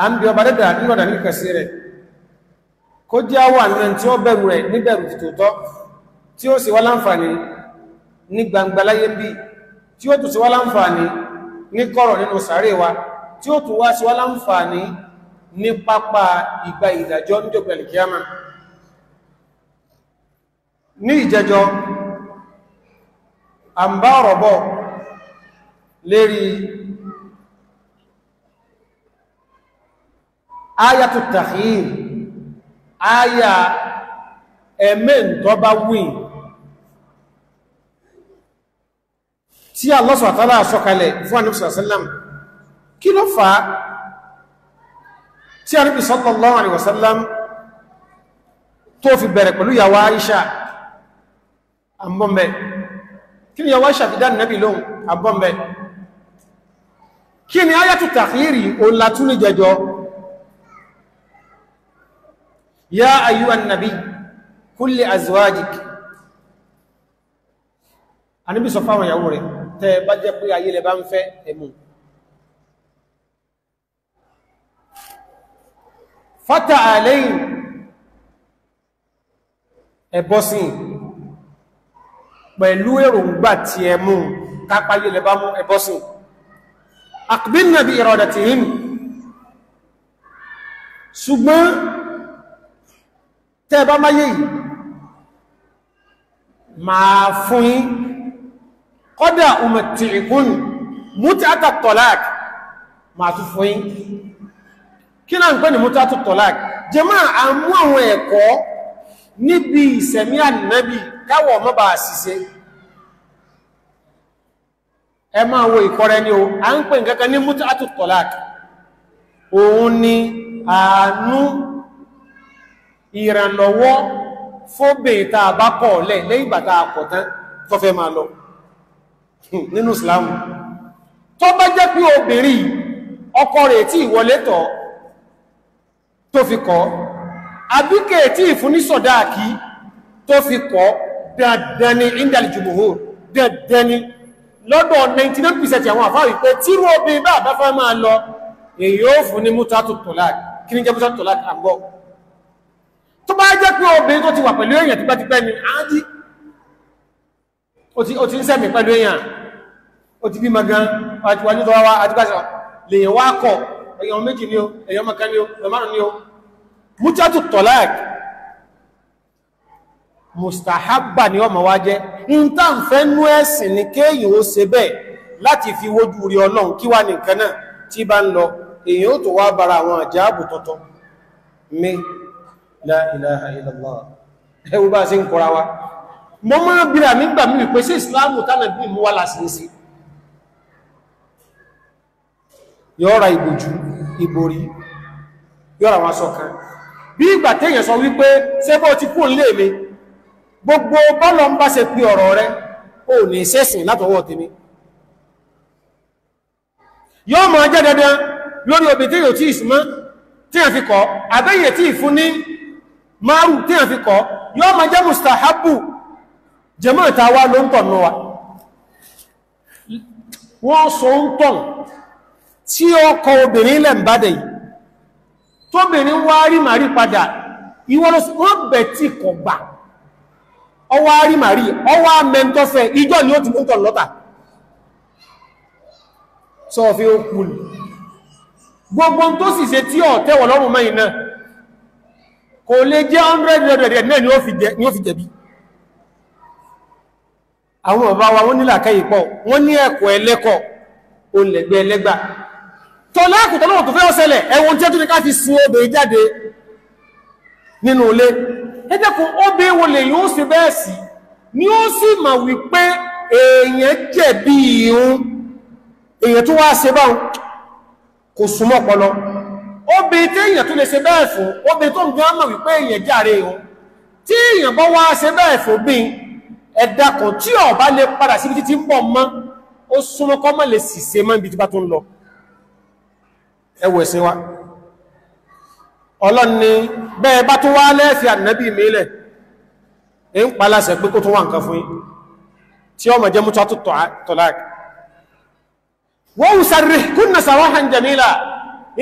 a ń bí ọba dẹ́dà nílọ̀dà ní kẹsí rẹ̀ kó jẹ́ àwà náà tí ó bẹ̀rù rẹ̀ níbẹ̀rù tòótọ́ tí ó sì wá láǹfààní ní gbangba láyé bí tí ó tún sí wá láǹfààní ní kọ̀rọ̀ nínú sàárè wa tí ó tún wá sí wá láǹfààní ní pápá ìgbà ìdájọ́ níjọ̀gbẹ̀lì kíámà ní ìjẹjọ́ àmbá ọ̀rọ̀ bọ̀ lérí ayatu takhir aya ẹ̀mẹ́ tó bá wí tí Allah subhanahu wa ta'ala sọ̀kalẹ̀ fún àníbìsọ̀ sallam kí ló fà á tí àníbì sallallahu alaihi wasallam tó fi bẹ̀rẹ̀ pẹ̀lú yàwó Aisha àbọ̀mẹ́ kí ni yàwó Aisha fi dá nẹ́bì lóhun àbọ̀mẹ́ kí ni ayatu takhiri òun latúnijẹjọ́ يا أيها النبي كل أزواجك Ànábì sọ fáwọn ìyàwó rẹ̀ tẹ́ bá jẹ́ pé ayé lẹ bá ń fẹ́ ẹmù fata àlẹ́yìn ẹ̀bọ́sìn pẹ̀lú èròǹgbà ti ẹmù kápá ayé lẹ bá mú ẹ̀bọ́sìn aqbilna bi iradatihin ṣùgbọ́n tẹ́ bá máyé yìí máa fún yín kọ́dà umartikun mútàtà tọ́lák máa tún fún yín kí náà ń pè ní mútàtà tọ́lák jẹmọ́ àmú àwọn ẹ̀kọ́ níbi ìsẹ̀mí ànábì káwọ̀ mọ́ bá ṣiṣẹ́ ẹ máa wo o a ń pè nǹkankan ní mútàtà tọ́lák òun ni àánú ìrànlọ́wọ́ fóbìn tá a bá kọ̀ lẹ̀ lẹ́yìn ìgbà tá a kọ̀ tán tó fẹ́ máa lọ hmm, nínú Islam tó bá jẹ́ pé obìnrin ọkọ rẹ̀ tí ìwọlé tọ̀ tó fi kọ̀ àbíkẹ̀ tí ìfún ní sọ̀dáàkì tó fi kọ̀ dandan ni indal jumhur dandan ni lọ́dọ̀ 99% àwọn àfáà wípé tírú obìnrin bá bá fẹ́ máa lọ èyí ó fún ní mútàtù tọ̀láàkì kí ní jẹ́ mútàtù tọ̀láàkì àgbọ̀ tó bá jẹ́ pé obìnrin tó ti wà pẹ̀lú èèyàn tipẹ́tipẹ́ ni áádí o ti ń sẹ́mì pẹ̀lú èèyàn o ti bí magan àti wà ní tọ́wọ́ wá àti pàṣẹ lèyàn wá kọ̀ èèyàn méjì ni o èèyàn maka ni o èèyàn márùn ni o mútàtù tọ́lák mustahabba ni ọmọ wá jẹ́ ń tàn nú ẹ̀sìn ni kéèyàn ó ṣe bẹ́ẹ̀ láti fi wojú rí ọlọ́run kí wà nìkan náà tí bá ń lọ èèyàn ó tó wá bara àwọn àjáàbù tọ́tọ́ mi la ilaha illallah ẹwú bá sí ń kọra wa mọ́ máa bíra nígbà mí pé sí ìsìláàmù tánà bí mú wá lásìísí yọ́ra ìbòjú ìborí yọ́ra wọn sọ kan bí ìgbà téèyàn sọ wípé sẹ́bọ̀ ti kún lé mi gbogbo bọ́lọ̀ ń bá ṣe pí ọ̀rọ̀ rẹ ò ní sẹ́sìn látọwọ́ tèmi yọ́ mọ̀ jẹ́ dandan lórí obìnrin tí yóò tí ìsúnmọ́ tí a fi kọ́ àbẹ́yẹ tí ìfún ní márùn tí a fi kọ́ yóò ma jẹ́ mustahabu jẹmọ́ ìta wá ló ń tọ̀ náà wọ́n so ń tọ̀ tí ó kọ obìnrin ilẹ̀ ń bádẹ̀ yìí tóbìnrin wá rí màrí padà ìwọ́n bẹ̀ tí kọ gbà ọwá rí màrí ọwá mẹ́ntọ́fẹ́ ìjọ ni ó ti mú tọ̀ lọ́ta sọ́ọ̀fẹ́ ó kú gbogbo tó sì ṣe tí ọ̀tẹ́wọ̀ lọ́rùn náà kò lè jẹ́ 100 náà ni ó fi jẹ̀bi àwọn ọba wa wọ́n nílà káyì pọ̀ wọ́n ní ẹ̀kọ́ ẹlẹ́kọ̀ olẹ̀gbẹ́ ẹlẹ́gbà tó lákùtọ́ lọ́wọ́ tó fẹ́ ọ́sẹ̀lẹ̀ ẹwọ́n tí ó tún ká fi sin obè jáde nínú ilé ẹjẹ́kùn obè wo lè ni ó sì mà wípé èèyàn jẹ̀bi ìhun èèyàn tó wá ṣe báhun kò súnmọ́ pọlọ obìnrin tí èèyàn tún lè ṣe bẹ́ẹ̀ fún obìnrin tó ń gan mọ̀ wípé èèyàn jàre o tí èèyàn bọ́ wá ṣe bẹ́ẹ̀ fún bí ẹ̀dà kan tí ó bá lè padà síbi títí ń bọ̀ mọ́ ó súnmọ́ kọ́ mọ́ lè sì ṣe mọ́ ibi tí bá tó ń lọ ẹwọ̀ ẹ̀sìn wa ọlọ́run ni bẹ́ẹ̀ bá tó wá lẹ́ẹ̀fì ànábì mílẹ̀ ń pa láṣẹ pé kó tó wà wọ́n sàrẹ̀ kúnnà sàrọ̀ hàn jamila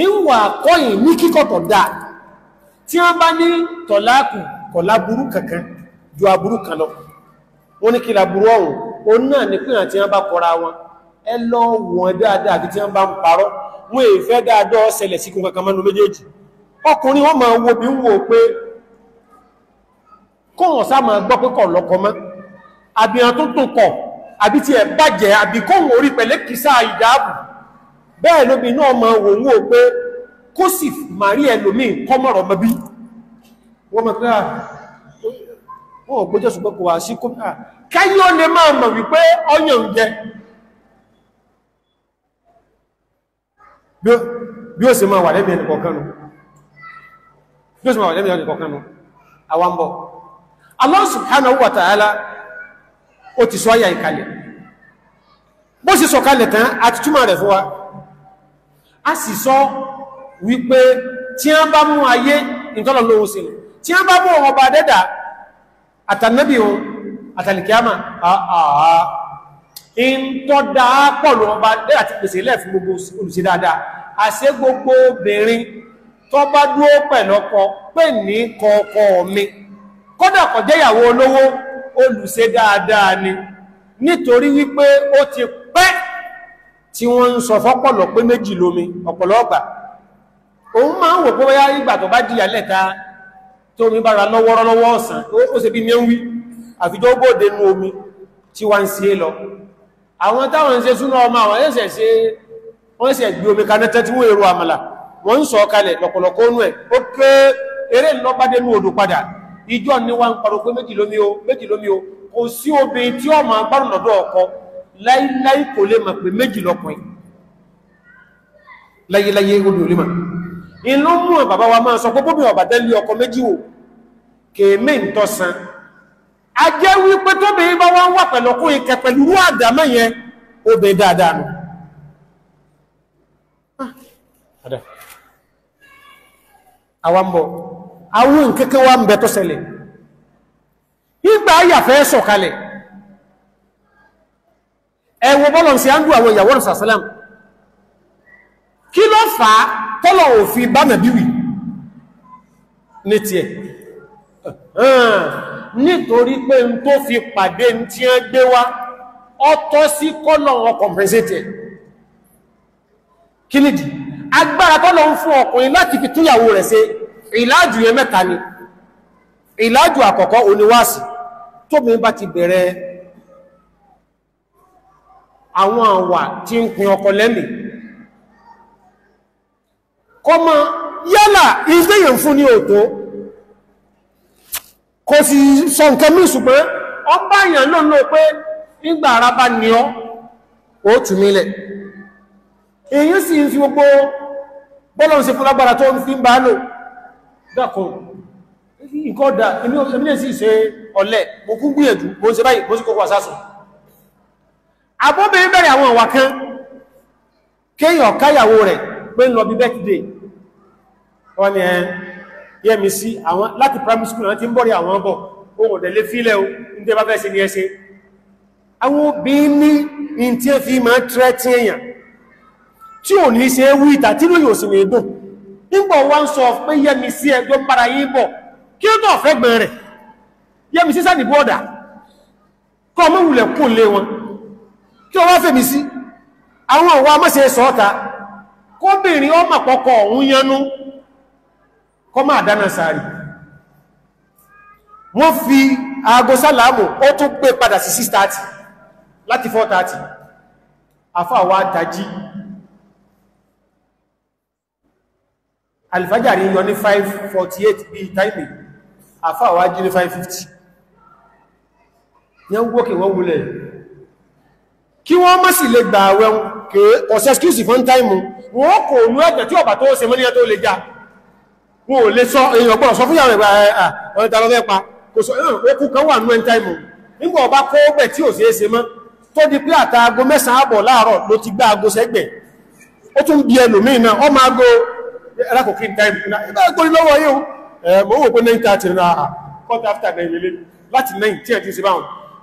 ìwà kọ́yìn ní kíkọ̀ tọ̀ dáa tí wọ́n bá ní tọ̀láàkù kọ̀lá burú kankan ju aburú kan lọ wọ́n ní kí laburú ọ̀hún o náà ní pìyàn tí wọ́n bá kọra wọn ẹ lọ wọ̀n dáadáa àti tí wọ́n bá ń parọ́ wọ́n èyí fẹ́ dáadọ́ ṣẹlẹ̀ sí kún kankan mọ́nu méjèèjì bẹ́ẹ̀ lóbi náà ma wò wó pé kó sì marí ẹlòmí kọmọ̀rọ̀ mọ́bí wọ́n mọ̀ kíra wọ́n gbójọ́ ṣùgbọ́n kò wà sí kó náà kẹ́yọ́ lè máa mọ̀ wípé ọyàn jẹ bí ó sì máa wà lẹ́bí ẹnìkọ̀ọ̀kánu bí ó wà lẹ́bí subhanahu wa ta'ala ó ti sọ ayà ìkalẹ̀ bó sì sọ kalẹ̀ tán àti túmọ̀ rẹ̀ fún wa a sì sọ wípé tí a bá mú ayé ìtọ́lọ̀ lóhun sí ni tí a bá mú ọmọ ọba dẹ́dà àtànẹ́bì ohun àtàlìkíámà àà in tọ́ dáa pọ̀lú ọba dẹ́dà ti pèsè ilẹ̀ fún gbogbo olùsí dáadáa àṣẹ gbogbo obìnrin tó bá dúó pẹ̀lọ́kọ pè ní kọ̀ọ̀kọ̀ mi kódà kò jẹ́ ìyàwó olówó olùsí dáadáa ni nítorí wípé ó ti pẹ́ tí wọ́n ń sọ fọ́pọ̀lọ̀ pé méjì lómi ọ̀pọ̀lọ́gbà òun máa ń wò pé wáyá ìgbà tó bá di àlẹ́ta tó omi bára lọ́wọ́rọ́lọ́wọ́ ọ̀sán ó ṣe bí mẹ́wí àfijọ́ bóde nú omi tí wá ń sí é lọ àwọn táwọn ń ṣe súnà ọmọ àwọn ẹ̀ṣẹ̀ ṣe wọ́n ṣe gbé omi kaná tẹ́ tí wọ́n èrò àmàlà wọ́n ń sọ kalẹ̀ lọ̀pọ̀lọpọ̀ nú ẹ̀ ó ké o o kò sí obìnrin tí ọmọ agbárùn láíláí kò lè mọ̀ pé méjì lọ́kùnrin láyéláyé odò lè mọ̀ inú mú bàbá wa máa sọ pé bóbi ọ̀bà tẹ́lẹ̀ ọkọ méjì wò kèémé ń tọ́sán a jẹ́ wípé tóbi bá wá ń wà pẹ̀lọ́kùnrin kẹ pẹ̀lú rú àdámẹ́ yẹn obìnrin dáadáa nù àwọn mbọ̀ àwọn nkẹ́kẹ́ wa ń bẹ tó ṣẹlẹ̀ ìgbà ayàfẹ́ sọ̀kalẹ̀ ẹwọ bọ́lọ̀ sí àndú àwọn ìyàwó rẹ̀ sàṣẹ́lẹ̀m kí ló fà á tọ́lọ̀ òfin bá nàbíwì ní tiẹ̀ nítorí pé n tó fi pàdé n tí a gbé wá ọtọ́ sí kọ́lọ̀ wọn kọ̀mpẹ́sẹ̀tẹ̀ kí ìlàjù àkọ́kọ́ oníwáàsì tóbi bá ti bẹ̀rẹ̀ àwọn àwà tí ń pin ọkọ lẹ́mì kọmọ yálà ìgbéyàn fún ní òtó kò sì sọ nǹkan mí ṣùgbọ́n ọba èèyàn náà náà pé nígbà ara bá ní ọ ó tù mílẹ̀ èyí sì ń fi gbogbo bọ́lọ̀n sí fúnlágbára tó ń fi ń bá lò dákùn nǹkan ọ̀dà èmi sì ṣe ọ̀lẹ mo gbìyànjú mo ń ṣe báyìí mo sì kọ́kọ́ àsásùn abóbìnrin bẹ̀rẹ̀ àwọn ọ̀wà kan kéèyàn káyàwó rẹ̀ pé ń lọ bí birthday wọ́n ni ẹn yẹ́mi sí àwọn láti primary school náà ti ń bọ́rí àwọn ọbọ̀ ohun ọ̀dẹ̀lé fílẹ̀ o ní tẹ́ bá fẹ́ sí ní ẹsẹ àwọn obìnrin ní in tí ẹ fi máa tẹ́tí èèyàn tí ò ní ṣe wí ìta tí lóyìn òsì lè dùn nígbà wọ́n sọ pé yẹ́mi sí ẹgbẹ́ para yín bọ̀ kí ó tọ̀ fẹ́ gbọ́n rẹ̀ yẹ́mi sí sáà nìbú ọ̀dà kọ́ mọ́wulẹ̀ kò lé wọn kí o wá fèmí sí àwọn òwà mọ́sẹ̀ sọ́ọ́ta kóbìnrin ọmọ pọ̀kọ̀ òun yanú kọ máa dáná sáàrì wọ́n fi aago sálàmù ó tún pé padà sí 6:30 láti 4:30 àfáàwà tají alifajari yọ ní 5:48 bí táìmì àfáàwà jí ní 5:50 yẹn wókè wọ́n wulẹ̀ kí wọ́n mọ́ sí lè gbà àwẹ̀ kèé ọ̀sẹ̀ skúsì fún táìmù wọ́n kò ní ẹgbẹ̀ tí ọ̀bà tó ṣe mọ́ níyà tó lè já wọ́n ò lè sọ èyàn gbọ́rọ̀ sọ fúnyàwó ẹgbà ah, ah, ah, ọ̀rẹ́ta lọ́lẹ́pa kò sọ ẹkù kan wà ní táìmù nígbà ọba kó bẹ̀ tí ò ṣeéṣe mọ́ tó di pé àta aago mẹ́sàn àbọ̀ láàárọ̀ ló ti gbá aago sẹ́gbẹ̀ ó tún bí ẹlòmíì náà ọ máa go alákòókín táìmù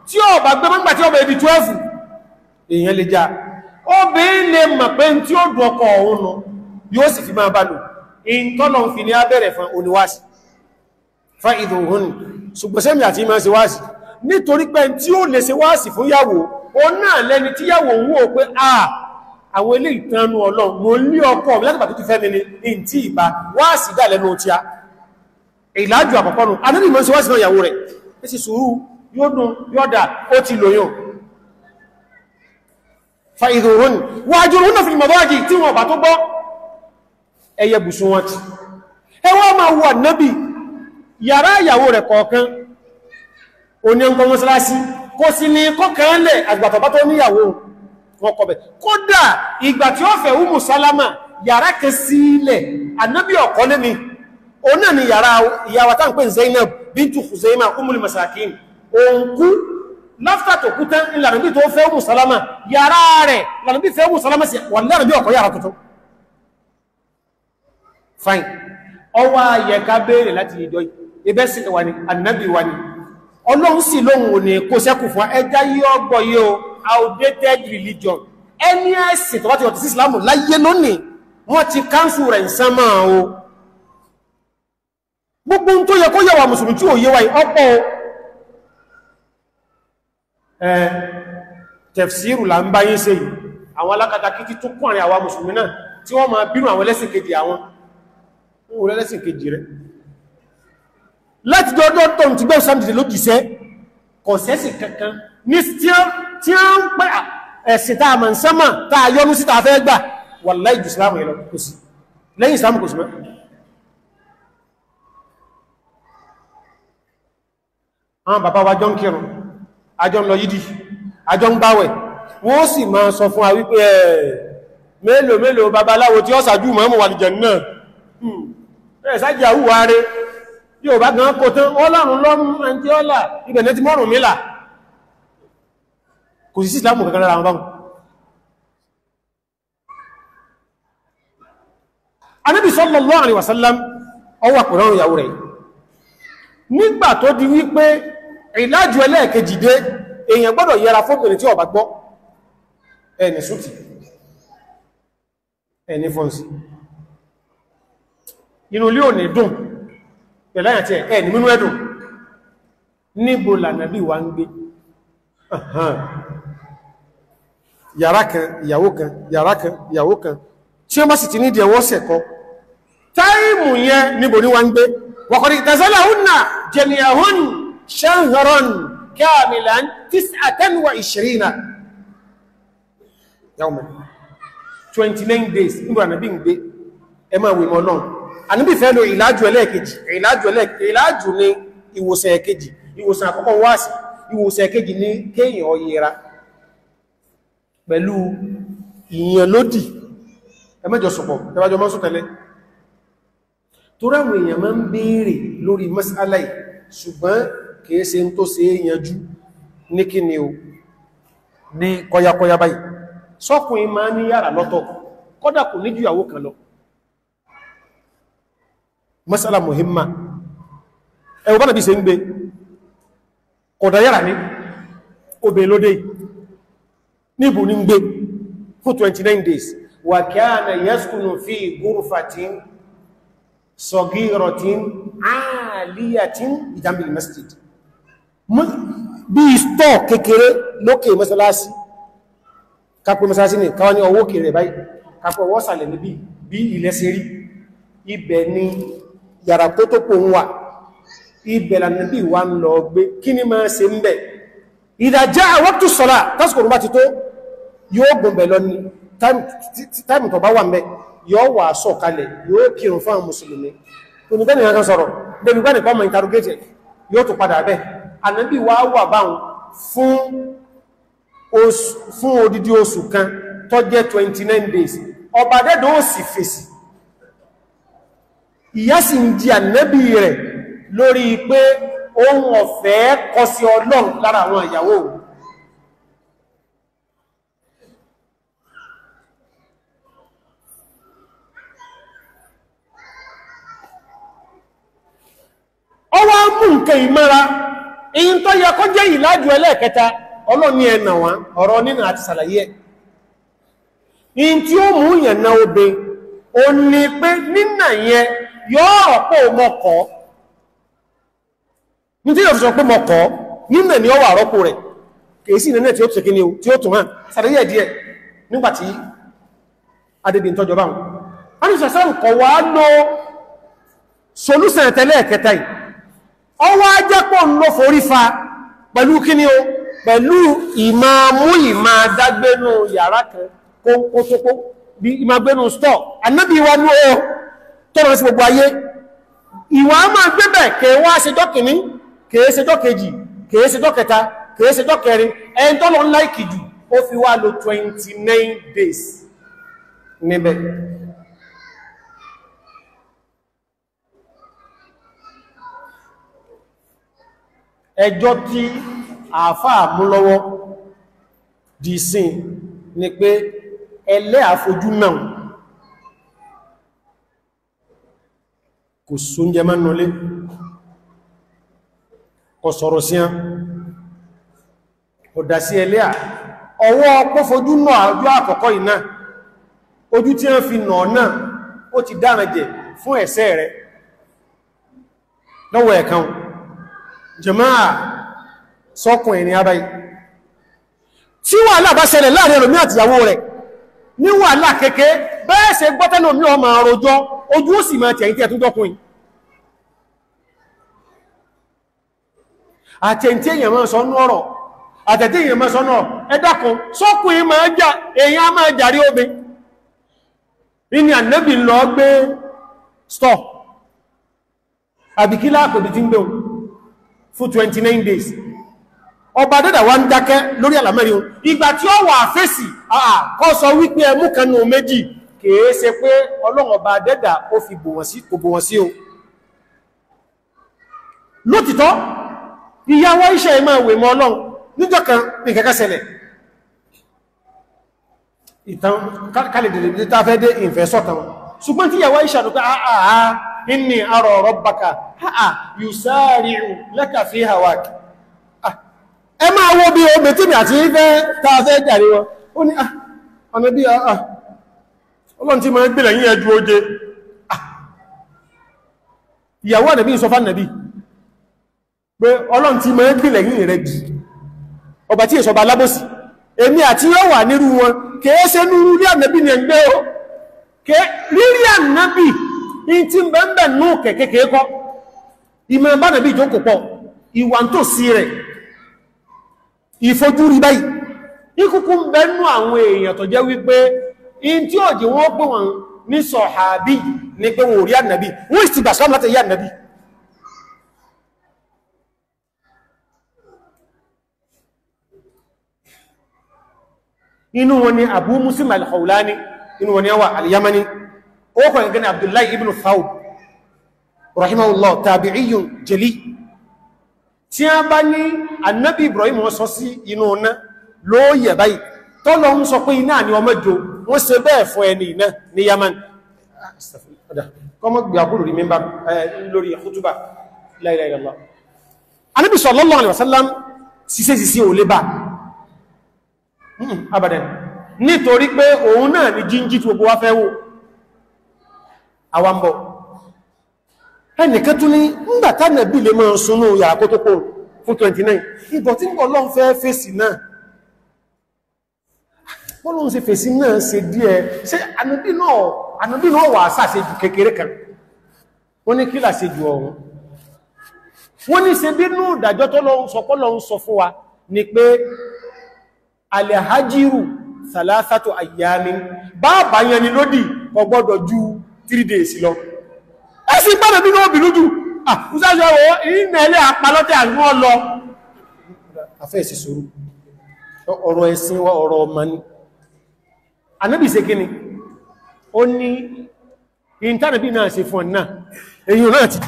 tí ọba gbẹ́mọ́gbà tí ọba ibi 12 èèyàn lè já obìnrin lè mọ̀ pé tí ó dùn ọkọ òun nù yóò sì fi máa bá lò ìntọ́nà ń fi ní abẹ́rẹ̀ fún oníwáṣì fa ìdòhun ṣùgbọ́n sẹ́mì àti ìmọ̀ ṣe wáṣì nítorí pé tí ó lè ṣe wáṣì fún yàwó ó náà lẹ́ni tí yàwó ń wò pé à àwọn ilé ìtànú ọlọ́run mo ní ọkọ láti pàtó ti fẹ́ mi ni in tí ìbá wáṣì dà lẹ́nu ọtí a ìlàjù àpapọ̀ nù adébìmọ̀ fàìdòrún wàjòrún náà fi mọ̀bọ́jì tí wọ́n bà tó gbọ́ ẹyẹ bùsùn wọn ti ẹwọ́ ma wọ nábi yàrá ìyàwó rẹ̀ kọ̀ọ̀kan oní ọkọ̀ mọ́sálásí kò sí ní kọ́kànlẹ̀ àgbàtọ̀bá tó níyàwó wọn kọ̀bẹ̀ kódà ìgbà tí ó láfíà tó kú tán ní tó fẹ́ Umu Salama yàrá rẹ̀ lànàbí fẹ́ Umu Salama sí wà lẹ́rìnbí ọ̀kọ̀ yàrá tuntun fine ọwọ́ ayẹ̀ká béèrè láti ìjọ ibẹ́ sí wà ní ànábì wà ní ọlọ́run sì lóhun ò kó sẹ́kù fún ẹjá yíò gbọ́ outdated religion ẹni ẹ̀sìn tó bá ti ọ̀tí sí islamu láyé lónìí wọ́n ti káńsù rẹ̀ ń o gbogbo tó yẹ kó yẹwà mùsùlùmí tí ò yẹwà ọ̀pọ̀ tẹ̀fṣírù là ń báyé se yìí àwọn alákatakí ti tún kún àrin àwa mùsùlùmí náà tí wọ́n máa bínú àwọn ẹlẹ́sìn kejì àwọn òun ẹlẹ́sìn kejì rẹ̀ láti dọ́dọ́ tọ́n ti gbẹ́ ìsáàmì ló jìṣẹ́ kò sẹ́sì kankan ní tí a ń pẹ́ ẹ̀sìn tàà mọ̀ sánmà tàà yọnú sí tàà fẹ́ gbà wàláhì jù ìsìlámù ìlọ àwọn bàbá wa jọ ń kírùn àjọ lọ yídì àjọ ń gbáwẹ̀ wọ́n sì máa sọ fún wa wípé ẹ̀ mélòó mélòó babaláwo tí ó sàájú mọ́ mọ̀ wà nìjẹ̀ náà ẹ̀ sájì àwúwà rẹ̀ yóò bá gan kò tán ọlọ́run lọ́rún ẹntí ọlá ibẹ̀nẹ́ ti mọ́rùn mílà kò sí ìsìlámù kankan lára àwọn anábì sallallahu alaihi wasallam rẹ̀ nígbà tó di wípé ìlàjù ẹlẹ́ẹ̀kejì dé èèyàn gbọ́dọ̀ yẹra fóbìnrin tí ọba gbọ́ ẹni sútì ẹni fọ́nsí inú ilé òní dùn pẹ̀láyàn tí ẹni mínú ẹ̀dùn níbo lànàbí wa ń gbé yàrá kan ìyàwó kan yàrá kan ìyàwó kan tí ó má sì ti ní ìdíẹwọ́ sẹ̀kọ́ táìmù yẹn níbo ní wa ń gbé wọ̀kọ̀dì tẹ̀sẹ́lẹ̀ húnnà jẹniyàhún شهرا كاملا تسعة وعشرين يوما 29 days nígbà ànàbí ń gbé ẹmọ ìwé mọ́ náà ànàbí fẹ́ lo ìlàjù ẹlẹ́ẹ̀kejì ìlàjù ẹlẹ́ẹ̀kejì ìlàjù ní ìwòsàn ẹ̀kejì ìwòsàn àkọ́kọ́ wáàsì ìwòsàn ẹ̀kejì ní kéèyàn ọyẹra pẹ̀lú ìyàn lódì ẹmẹ́jọ sọ̀pọ̀ ẹbájọ mọ́ sọ̀tẹ̀lẹ́ tó ráwọn èèyàn máa ń béèrè lórí mas'alai ṣùgbọ́n kìí ṣe tó ṣe é yanjú ní kí ni o ní kọyakọya báyìí sọ́kùnrin máa ní yàrá lọ́tọ̀ kọ́dà kò ní jùyàwó kan lọ masala muhimma ẹwọ bánàbí ṣe ń gbé kọ̀dà yàrá ní obè lóde níbù ní gbé fún 29 days wà kana yaskunu fi ghurfatin saghiratin aliyatin ìjàmbìl masjid bí ìstọ̀ kékeré lókè mọ́sálásí kápẹ́ mọ́sálásí ní káwọn ní ọwọ́ kèrè báyìí kápẹ́ ọwọ́ sàlẹ̀ níbi bí ilẹ̀ sí rí ibẹ̀ ni yàrá tó tó pòun wà ibẹ̀ lànà bí wà ń lọ gbé kí ni máa ṣe ń bẹ̀ ìdájá àwọ́tù sọ́lá tásìkòrò bá ti tó yóò gùnbẹ̀ lọ ní táìmù tó bá wà mẹ́ yóò wà sọ kalẹ̀ yóò kírun fáwọn mùsùlùmí onígbẹ́nìyàn kan sọ̀rọ̀ bẹ́ẹ̀ ànábì wá wà báhùn fún fún odidi oṣù kan tó jẹ́ 29 days ọba dẹ́dọ̀ ó sì fèsì ìyá sì ń di ànábì rẹ̀ lórí pé ohun ọ̀fẹ́ kò sí ọlọ́run lára àwọn ìyàwó ọwọ́ mú nǹkan ìmára in tó yẹ kó jẹ́ ìlàjù ẹlẹ́ẹ̀kẹta ọlọ́ni ẹ̀nà wọn ọ̀rọ̀ nínú àti sàlàyé in tí ó mú ìyànà obe o ní pé nínà yẹn yọ́ ọ̀pọ̀ mọ́kọ̀ ní tí yóò fi sọ pé mọ́kọ̀ nínà ni ó wà rọ́pò rẹ̀ kèsí ìnẹ́nẹ́ tí ó tẹ̀kí ni tí ó tún hàn sàlàyé díẹ̀ nígbàtí adébí tọ́jọba wọn. a ní ó wá jẹ́pọ̀ ló forí fa pẹ̀lú kíní o pẹ̀lú ìmàmú ìmà dágbénú yàrá kan kókótókó bí ìmàgbénú stọ̀ anábì wa ní o tọ́rọ sí gbogbo ayé ìwà máa gbébẹ̀ kèé wá ṣe dọ́kìní kèé ṣe dọ́kejì kèé ṣe dọ́kẹta kèé ṣe dọ́kẹrin ẹni tọ́lọ ńlá ìkìjù ó fi wá lo 29 days níbẹ̀ ẹjọ́ tí àáfàá mú lọ́wọ́ di sin ni pé ẹlẹ́ àfojú náà kò sóúnjẹ máa nọlé kò sọ̀rọ̀ sí án ọ̀dá sí ẹlẹ́ à ọwọ́ pọ́fojú náà ojú àkọ́kọ́ iná ojú tí wọ́n fi nà náà ó ti dáranjẹ̀ fún ẹ̀ṣẹ̀ rẹ̀ lọ́wọ́ ẹ̀kan Jamaa, sọ́kùn ẹni abáyí tí wàhálà bá ṣẹlẹ̀ láàrin ẹlòmí àtìyàwó rẹ̀ ní wàhálà kéèké bẹ́ẹ̀ ṣe gbọ́tẹ́lò mí ọmọ àròjọ ojú ó sì máa tẹ̀yìn tí ẹ̀tún dọ́kùn àtẹ̀ntí èèyàn máa sọ nọ́rọ̀ àtẹ̀tí èèyàn máa sọ náà ẹ̀dàkùn sọ́kùn máa fún 29 days ọba dẹ́dà wá ń dákẹ́ lórí àlàmẹ́rin ohun ìgbà tí ó wà fèsì àkọ́ sọ wípé ẹmú kanú méjì kìí ṣe pé ọlọ́run ọba dẹ́dà ó fi bò wọ́n sí kò bò wọ́n sí o lótìtọ́ ìyàwó iṣẹ́ ìmọ̀ ìwé mọ́ ọlọ́run níjọ́ kan ní kẹ́kẹ́ ṣẹlẹ̀ ìtàn kálẹ̀dẹ̀dẹ̀ inni arọ rọ́bàkà ha yùsáàríù lẹ́kà fi hawaki ah, ẹ máa wo bí o mẹ́tí mi àti ife tààfẹ́ jàrí wọn ó ní ah, ọ̀nà bí ah, ọlọ́n tí ma ń gbìlẹ̀ yín ẹjú oje ìyàwó ànàbí ìsọfà nàbí pé ọlọ́n tí ma ń gbìlẹ̀ rẹ̀ ọba tí ìsọba alábòsí èmi àti yóò wà nírú wọn kèése nírú ànàbí ni ẹgbẹ́ rírí ànàbí in ti bẹ̀m̀bẹ̀ nù kẹ̀kẹ́kẹ́ kọ́ ìmọ̀ bá nàbí ìjókò pọ̀ ìwà tó sí rẹ̀ ìfojú rí báyìí ikúkú ń bẹ̀nú àwọn èèyàn tó jẹ́ wípé in tí ọ̀jì wọ́n pè wọ́n ní sọ̀hábí ní pé wọ́n rí ànàbí wọ́n ìsì gbà sọ́m láti yí ànàbí inú wọn ni Abu Muslim al inú wọn ni àwà al ó kàn gẹ́gẹ́ ni abdullahi ibn thawb rahimahullah tabi'iyun jeli tí a bá ní annabi ibrahim wọ́n sọ sí inú ọ̀nà ló yẹ̀ báyìí tọ́lọ ń sọ pé iná ni ọmọ jò wọ́n ṣe bẹ́ẹ̀ fún ẹni iná ní yaman kọmọ gbàgbùrù rí mímbà lórí khutubah la ilaha illallah anábì sallallahu alaihi hmm, nítorí pé òun náà ni jíjí tí gbogbo wa fẹ́ wò àwambọ̀ ẹnìkan tún ní ńgbàtánà bí lè máa súnú yà àkótópò fún 29 ìbọ̀ tí ń bọ̀ lọ́n fẹ́ fèsì náà bọ́lọ́n se fèsì náà ṣe díẹ̀ ṣe ànàbí náà wà sáàṣejù kékeré kan wọ́n ní kí làṣejù ọ̀run wọ́n ní ṣe bínú ìdàjọ́ tó lọ sọ pọ́ lọ sọ fún wa ni pé alẹ́hajiru three days lọ ẹ sì gbọ́dọ̀ nínú obìnrin jù àkúsáṣọ́ wo ìrìnà ilé àpalọ́tẹ̀ àwọn ọlọ afẹ́ẹ̀sì sọ́rọ̀ ọ̀rọ̀ ẹ̀sìn wa ọ̀rọ̀ ọmọ ni anábì ṣe kíni ó ní ìntànàbí náà ṣe fún ọ̀nà èyàn náà ti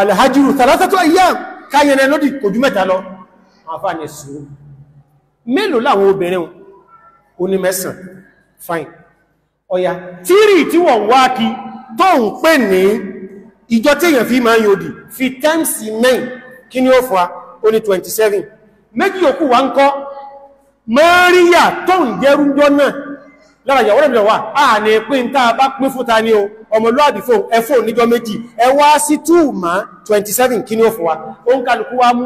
alhajiru tàlátàtọ́ ayyá káyẹnẹ lódì kò jú mẹ́ta lọ àfáà ní sùúrù mélòó láwọn obìnrin onímẹ́sàn fine ọ̀yá tírì tí wọ́n wá kí tó ń pè ní ìjọ tí èyàn fi máa ń yòdì fi tẹ́msì mẹ́rin kí ni ó fà ó ní 27 méjì òkú wa ń kọ́ mẹ́ríyà tó ń jẹ́rúnjọ́ náà lára ìyàwó rẹ̀ wà á ní pín tá a bá pín fúta ní o ọmọlúwàbí fóun ẹfóun níjọ méjì ẹ wá sí 2 ma 27 kí ni ó fà wá ó ń kálukú wá mú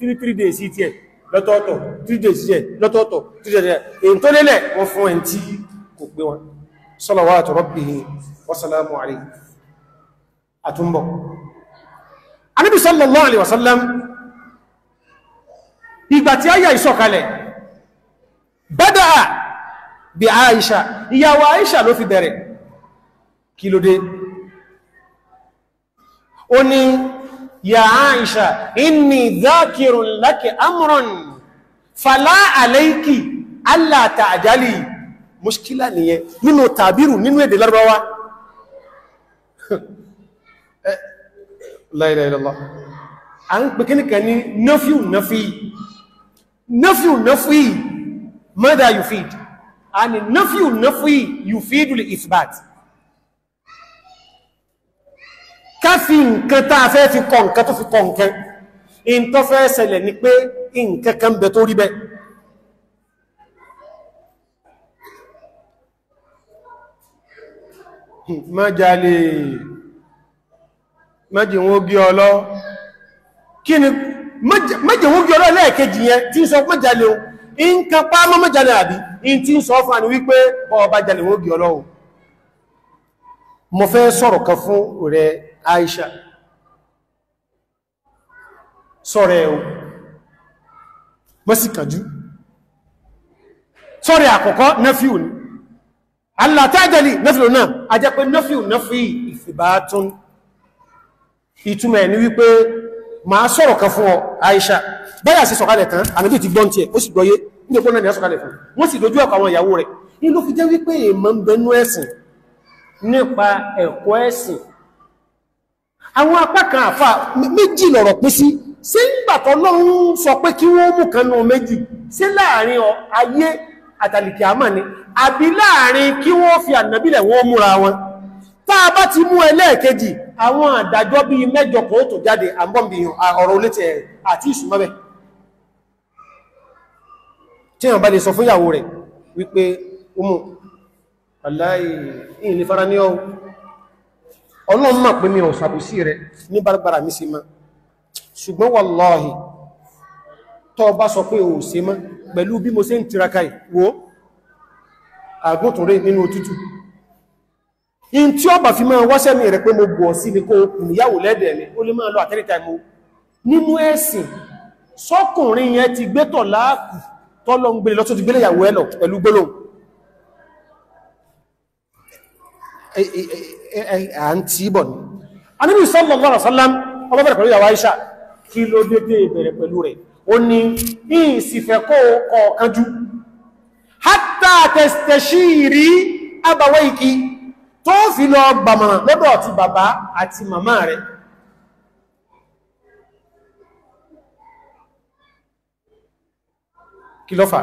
33 days sí tiẹ̀ lọ́tọ̀ọ̀tọ̀ 3 days sí tiẹ̀ lọ́tọ̀ọ̀tọ̀ 3 days sí tiẹ̀ èyí tó lélẹ̀ wọ́n fún ẹ̀ tí kò pé wọn صلوات ربه وسلامه عليه أتنبو النبي صلى الله عليه وسلم ìgbàtí ayà ìsọ̀kalẹ̀ bẹ́dà bí Aisha ìyàwó Aisha ló fi bẹ̀rẹ̀ kí ló dé ó ní ya Aisha inni dhakirun laki amran fala alayki alla ta'jali mọ́ṣkílà nìyẹn nínú tàbírù nínú èdè lárúbáwá eh, la ilaha illallah a ń pè kíníkà ní nafiu nafi nafiu nafi mada yufid a ni nafiu nafi yufidu li isbat ká fi nǹkan tàà fẹ́ fi kọ nǹkan tó fi kọ nǹkan in tó fẹ́ ṣẹlẹ̀ ni pé nǹkan kan bẹ tó rí bẹ́ẹ̀ májàlè májì ọlọ́ kí ni májì ọlọ́ lẹ́ẹ̀kejì yẹn tí ń sọ o in ka pa mọ́ májàlè àbí in tí ń sọ fún wípé ọba jàlè wọn gí mo fẹ́ sọ̀rọ̀ kan fún rẹ Aisha sọ̀rẹ̀ o mọ́sí kàjú sọ̀rẹ̀ àkọ́kọ́ alàtàjẹ̀lì nẹ́fìlò náà a jẹ́ pé nẹ́fìlò nẹ́fì ìfìbátún ìtumọ̀ ní wípé ma sọ̀rọ̀ kan fún ọ Aisha báyà sí sọ̀kalẹ̀ kan ànábì ti gbọ́n tí ẹ ó sì gbọ́yé ní ọgbọ́n náà sọ̀kalẹ̀ fún wọ́n sì dojú ọkọ̀ àwọn ìyàwó rẹ̀ ní ló fi jẹ́ wípé èèmọ̀ ń bẹnú ẹ̀sìn nípa ẹ̀kọ́ ẹ̀sìn àbí láàrin kí wọ́n fi ànàbílẹ̀ wọ́n múra wọn táa bá ti mú ẹlẹ́ẹ̀kejì àwọn àdájọ́ bí mẹ́jọ kan ó tó jáde àbọ̀m̀bìyàn ọ̀rọ̀ olétẹ̀ àti tí wọ́n bá lè sọ fún ìyàwó rẹ̀ wípé umu àgbótúnrẹ nínú òtútù in tí ó bà fi máa wáṣẹ́ mi rẹ̀ pé mo bọ̀ sí ni kó ìyàwó lẹ́dẹ̀ mi ó lè máa lọ àtẹ́rìta ìmú nínú ẹ̀sìn sọ́kùnrin yẹn ti gbétọ̀ láàkù tọ́lọ ń gbélé lọ́tọ́ ti gbélé ìyàwó ẹ̀lọ pẹ̀lú gbólóhùn àǹtí sallallahu alaihi wasallam ọmọ bẹ̀rẹ̀ pẹ̀lú ìyàwó Aisha kí ló dédé bẹ̀rẹ̀ pẹ̀lú rẹ̀ Hatta tẹ̀sítẹ̀ṣìírí abàwẹ́ ikí tó fi lọ gbàmọ̀ràn lọ́dọ̀ ti bàbá àti màmá rẹ̀ kí ló fà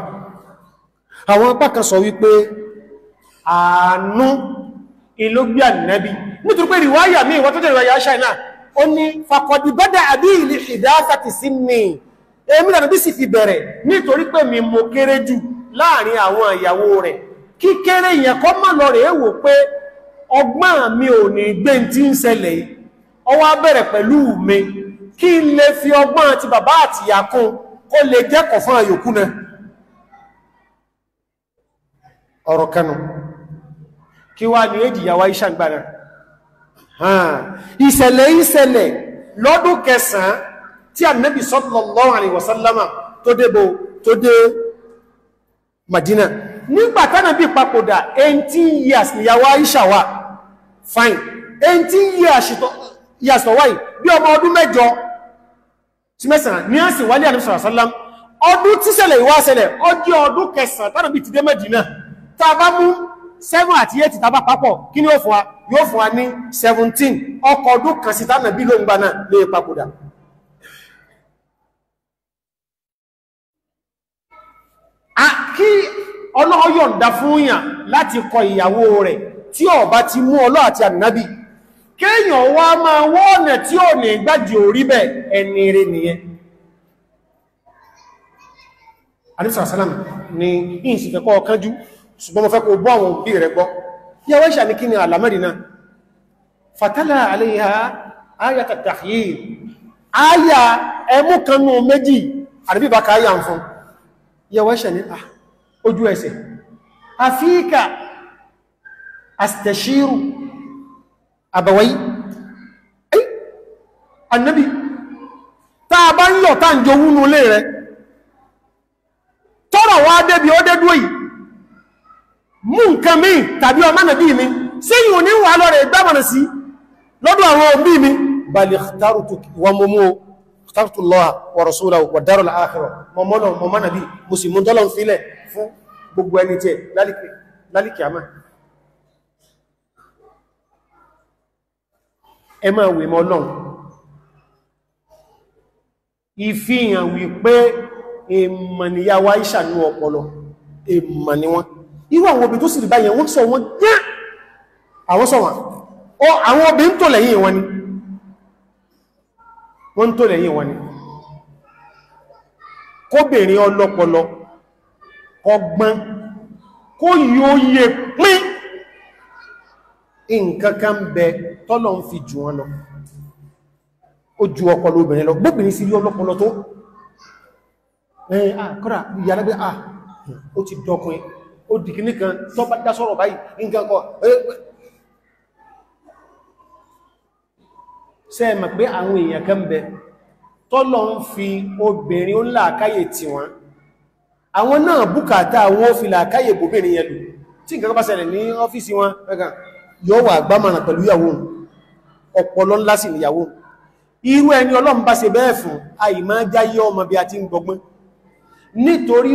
àwọn apá kan sọ wípé àánú ìlógbí ànìyàn nítorí pé ìwáyà mi ìwọ́n tó jẹ́ ìwáyà ṣáìnà ó ní fàkọ̀dì bọ́dà àbí ìlú ìdáfàtì sí ni èmi lànà bí sì fi bẹ̀rẹ̀ nítorí pé mi mo kéré láàrin àwọn ìyàwó rẹ̀ kíkéré yẹn kọ́ mọ́ lọ rẹ̀ wò pé ọgbọ́n mi ò ní gbé tí ń ṣẹlẹ̀ yìí ọwọ́ abẹ́rẹ̀ pẹ̀lú mi kí n lè fi ọgbọ́n àti bàbá àti ìyá kún kó lè jẹ́kọ̀ fún àyòkú ọ̀rọ̀ kanu kí wá ní èdè ìyàwó iṣẹ́ àgbàrà lọ́dún kẹsàn-án tí Ànábì sallallahu alaihi wasallama tó débò tó débò Madina nígbà tánàbí papòdà 18 years níyàwó Aisha wa fine 18 years tọ́wà yìí bí ọmọ ọdún mẹ́jọ sí mẹ́sàn ní àsìn wálé àdúsàrásálám ọdún tí ṣẹlẹ̀ ìwá ṣẹlẹ̀ ọjọ́ ọdún kẹsàn tánàbí ti dé Madina ta bá mú 7 àti 8 tàbá papọ̀ kí ni ó fún wa yóò fún wa ní 17 ọkọ̀ ọdún kan sí tánàbí lóǹgbà lè papòdà kí ọlọ́wọ́ yọ̀nda fún yàn láti kọ ìyàwó rẹ̀ tí ó bá ti mú ọlọ́ àti ànábì kéèyàn wá máa wọ́ọ̀nà tí ò ní gbájì orí bẹ̀ ẹni rẹ̀ nìyẹn alìsàsálàm ni ìsìnkẹ́kọ́ ọkánjú ṣùgbọ́n mo fẹ́ kó bọ́ àwọn òbí rẹ̀ gbọ́ yàwó ìṣà ní kí ni àlàmẹ́rì náà aya ẹmú kanú méjì àdìbíbákà ayà ń yẹwẹ́ṣẹ̀ ní ah, ojú ẹsẹ̀ afíkà astashiru àbàwáyí ẹ́ annabi tá a bá ń yọ̀ tá ń jọ wúnú lè rẹ tọ́rọ̀ wá débi ó dédú èyí mú nǹkan mí tàbí ọmọ nàbí mi sí yìí ò ní wà lọ́rẹ̀ ìdámọ̀nà sí lọ́dọ̀ àwọn òbí mi balẹ̀ tàrùtù wọ́n mọ́mọ́ tàbí lọ́wà wọ̀rọ̀sọ́lá wàdárọ̀ láàkìrọ̀ mọ̀mọ́lọ̀ mọ̀mọ́nàbí musulmùn tọ́lọ̀ fílẹ̀ fún gbogbo ẹni tẹ́ lálìkìyàmá ẹ máa wè mọ́ lọ́n ìfihàn wípé èmànìyàwó Aisha ní ọpọlọ èmànì wọn irú àwọn obìn tó wọ́n tó lẹ́yìn wọn ni kóbìnrin ọlọ́pọlọ ọgbọ́n kó yóò yẹ pín nǹkankan bẹ tọ́lọ ń fi jù wọn lọ ó ju ọpọlọ obìnrin lọ gbóbìnrin sí rí ọlọ́pọlọ tó ẹ̀yìn àkọ́rà ìyàlẹ́gbẹ́ à ó ti dọkùn ó dìkì nìkan tọ́bá dásọ́rọ̀ báyìí nǹkan sẹ́ẹ̀mọ̀ pé àwọn èèyàn kan bẹ tọ́lọ ń fi obìnrin ó làákáyè tí wọ́n àwọn náà bùkátà wọ́n fi làákáyè bòbìnrin yẹn lù tí nǹkan bá ṣẹlẹ̀ ní ọ́fíìsì wọn yóò wà gbámọ̀nà pẹ̀lú ìyàwó ọpọlọ ńlá sì níyàwó irú ẹni ọlọ́run bá ṣe bẹ́ẹ̀ fún àìmá jáyé ọmọ bí a ti ń gbọgbọ́n nítorí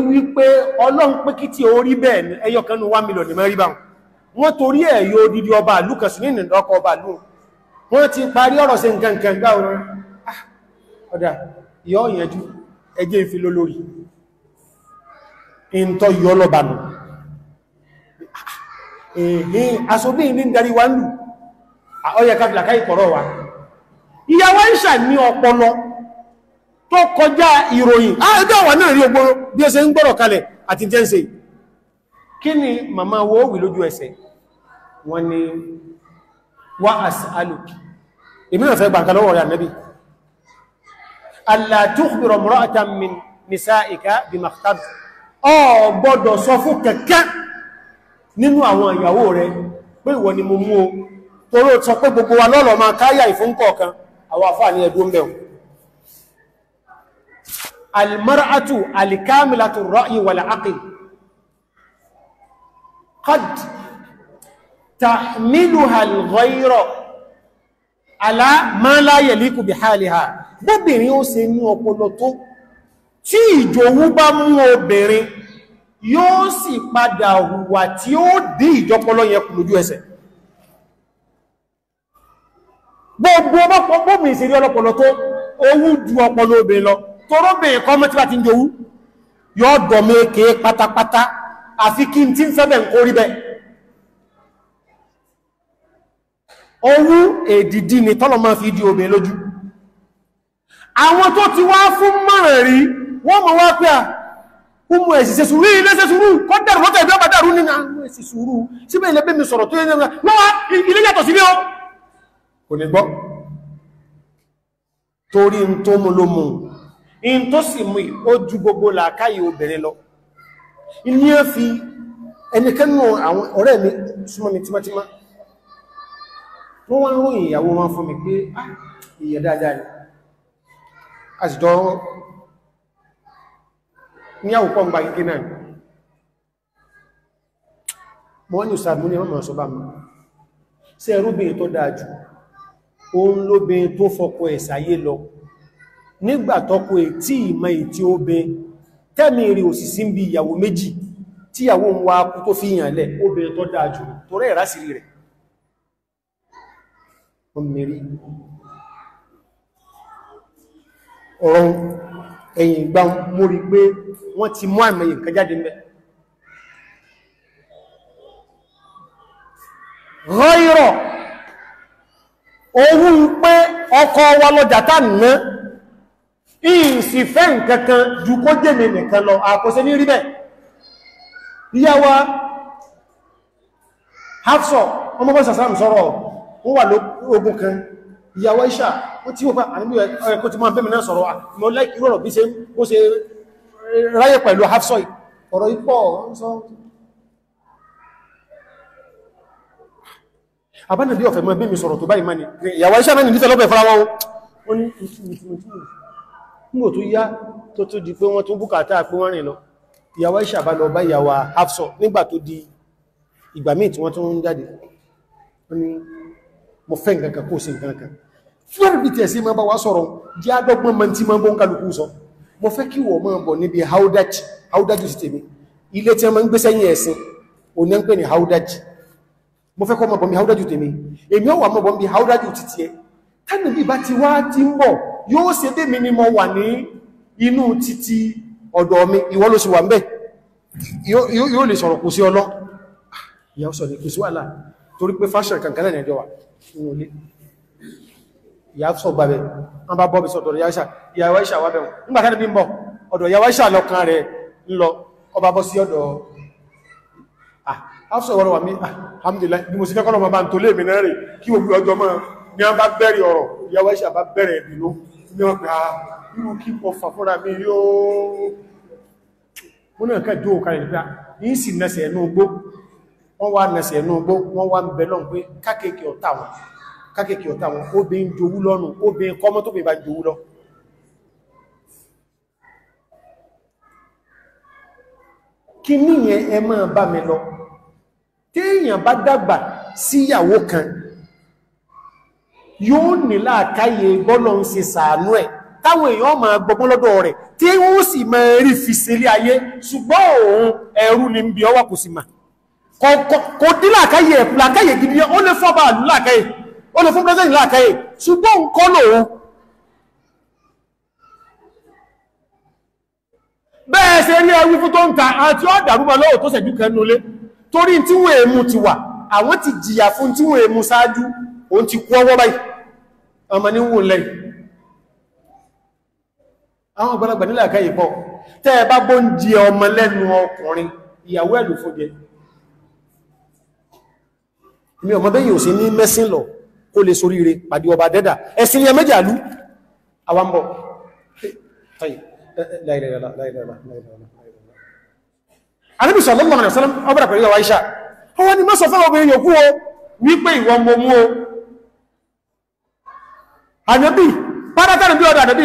wọ́n torí ẹ̀ dídí ọba àlú nínú ọkọ̀ ọba àlú wọ́n ti parí ọ̀rọ̀ ṣe nǹkan nǹkan gbá ọ̀rọ̀ ah, ọ̀dá yọ́ ìyẹnjú ẹjẹ́ ìfi lórí, in yọ́ lọ́bànú ẹ̀hìn asobí ní darí wa nù ọyẹ ah, káfìlàká ìkọ̀rọ̀ wa ìyàwó ìṣà ní ọpọlọ tó kọjá ìròyìn àádọ́wà ah, náà rí ogboro àti wo wì wá àsàlùkì ìmìnà fẹ́ gbàǹkan lọ́wọ́ rẹ̀ ànẹ́bì alàtúkbìrọ̀ mọ́rọ̀ta min nìsá ìká bí maktab ọ gbọ́dọ̀ sọ fún kẹ̀kẹ́ nínú àwọn ìyàwó rẹ̀ pé ìwọ ni mo mú o toró sọ pé gbogbo wa lọ́lọ́ máa káyà ìfúnkọ̀ọ̀kan àwọn àfáà ní ẹ̀dùn mẹ́wọ̀ qad tàmílùhà lọ́ìrọ̀ alá máa láyẹ̀ líkù bí hálìhà bóbìnrin ó ṣe ní ọpọlọ tó tí ìjòwú bá mú obìnrin yóò sì padà hùwà tí ó dí ìjọpọlọ yẹn kù lójú ẹsẹ̀ gbogbo ọmọpọ̀gbọ́mì ìsìrí ọlọ́pọlọ tó owú ju ọpọlọ obìnrin lọ toróbìnrin kọ́ mọ́ tí bá ń jòwú yóò dọ̀mẹ́ pátápátá àfi tí ń fẹ́ bẹ̀ ń kórí bẹ́ẹ̀ owú èdìdí ni tọ́lọ̀ máa fi di obìnrin lójú àwọn tó ti wá fún mọ̀rẹ̀ rí wọ́n mọ̀ wá pé à umu ẹ̀sì ṣe sùúrù ilé ṣe sùúrù kọ́ dẹ̀rù lọ́tẹ̀ ìbí ọba dẹ̀rù nínú àwọn ẹ̀sì sùúrù síbẹ̀ ilẹ̀ bẹ́mi sọ̀rọ̀ tó yẹ́ lọ́wọ́ ilé yàtọ̀ sí ní ọ kò ní gbọ́ torí n tó mú àwọn ọ̀rẹ́ mi súnmọ́ mi tímátímá wọ́n wá ń ròyìn ìyàwó wọn fún mi pé ah, ìyẹ̀ dáadáa ni a sì jọ ní àwùkọ́ ń gba gígé náà mọ́ ní ìsàmú ní ọmọ ọ̀sọ́bá mi sí ẹrúbìn tó dáa jù òun lóbin tó fọkọ ẹ̀sàyé lọ nígbà tọ́kọ ètí ìmọ̀ ètí obin tẹ́mì rí òsìsí ń bí ìyàwó méjì tíyàwó ń wá kú tó fi lẹ̀ obin tó dáa jù torí rẹ̀ wọ́n mẹ́rí ọ̀rọ̀ ẹ̀yìn ìgbà mórí pé wọ́n ti mú àmì nǹkan jáde mẹ́ rọ́ìrọ̀ owó ń pé ọkọ̀ wa lọ́jà tá nìna ìsì fẹ́ nǹkankan ju kó jẹ́mì nìkan lọ àkọsẹ́ ní rí bẹ́ ìyá Hafsọ ọmọ bọ́sàsàmù sọ́rọ̀ ọ̀ ó wà lógún kan ìyàwó iṣà ó tí ó bá àníbí ẹ̀kọ́ ti máa bẹ́mi náà sọ̀rọ̀ mọ́ láìkí rọ̀rọ̀ bí ó ṣe ráyè pẹ̀lú hafsoi ọ̀rọ̀ ipọ̀ àbánàbí ọ̀fẹ́ mọ́ bẹ́mi sọ̀rọ̀ tó báyìí máa ni ìyàwó iṣà náà nífẹ́ lọ́bẹ̀ fara wọn ó ní nígbò tó di pé wọ́n tó bùkátà pé ìgbà míì tí wọ́n tó ń jáde ó ní mo fẹ́ nǹkan kan kó ṣe nǹkan kan fúwẹ́rẹ̀bì tẹ̀ sí ma bá wá sọ̀rọ̀ jẹ́ adọ́gbọ́n ma ti ma bọ́ ń kálukú sọ mo fẹ́ kí wọ́n máa bọ̀ níbi haudaji haudaji sí tèmi ilé tí a ma ń gbé sẹ́yìn ẹ̀sìn òní ń pè ní haudaji mo fẹ́ kọ́ ma bọ̀ mi haudaji tèmi èmi ọwà ma bọ̀ mi haudaji títí ẹ tánà bí bá ti wá ti ń bọ̀ yóò ṣe dé mi ni mo wà ní inú títí ọ̀dọ̀ mi ìwọ ló sì wà ń bẹ̀ yóò lè sọ̀rọ̀ kò sí ọlọ́ ah, ìyàwó sọ̀rọ̀ kò sí wàhálà torí pé fashion kankan náà ní ẹjọ́ wa nínú ilé ìyá sọ gbàbẹ̀ wọ́n bá bọ́ bí sọ̀tọ̀ ìyáwáṣà ìyáwáṣà wà bẹ̀rún nígbàtà níbi ń bọ̀ ọ̀dọ̀ ìyáwáṣà lọ́kàn rẹ̀ ń lọ ọba bọ́ sí ọ̀dọ̀ afsọ ìwọ̀rọ̀ wà mí alhamdulillah bí mo sì kẹ́kọ́ lọ́mọ bá ń tó lè mìíràn rẹ̀ kí o bí ọjọ́ mọ́ ní a bá bẹ̀rẹ̀ ọ̀rọ̀ ìyáwáṣà bá bẹ̀rẹ̀ ìbínú ní ọgbà irú kí pọ̀ fàfúnra mi yóò múnà kẹjọ́ òkàrẹ̀ nígbà ní sì nẹsẹ̀ wọ́n wá nẹ̀sẹ̀ ẹ̀nú ọgbó wọ́n wá ń bẹ lọ́n pé kákèkè ọ̀tá wọn kákèkè ọ̀tá wọn ó bí ń jowú lọ́nu ó bí kọmọ́ tó bí bá jowú lọ kí níyẹn ẹ máa bá mi lọ téèyàn bá dàgbà síyàwó kan yóò ní láàkáyè gbọ́nà ń ṣe sàánú ẹ̀ táwọn èèyàn máa gbọgbọ́n lọ́dọ̀ rẹ̀ tí ó sì máa fi sílé ayé ṣùgbọ́n òun ẹrú ni ń bí ọwọ́ kò sì máa kò dín làkáyè ẹ̀kù làkáyè gidi ó lè fọ́bà làkáyè ó lè fún president làkáyè ṣùgbọ́n kọ́ lòun bẹ́ẹ̀ ṣe rí ẹwú fún tó ń ta àti ọ̀dàrúmọ̀ lọ́wọ́ tó sẹ̀jú kẹnulé torí tí wọ́n èmú ti wà àwọn ti jìyà fún tí wọ́n èmú sáájú òun ti kú ọwọ́ báyìí ọmọ ní wùn lẹ́yìn àwọn ọgbọ́lagbà nílàkẹ́ ìbọ̀ tẹ́ẹ̀ bá gbóúnjẹ ọmọ lẹ́nu ọkùnrin ìyàwó ẹ̀lú fòjẹ́ mi ọmọdé yìí ò sí ní mẹ́sìn lọ kó lè sorí rẹ̀ pàdé ọba dẹ́dà ẹ̀sìn ilẹ̀ méjì àlú àwambọ̀ Ànábì sallallahu alaihi wasallam ọbẹ̀rẹ̀ pẹ̀lú ọwá iṣà ó wọ́n ni mọ́ sọ fẹ́ obìnrin yòókù o wípé ìwọ mọ̀ mú o Ànábì pátátàrí bí ọdọ̀ Ànábì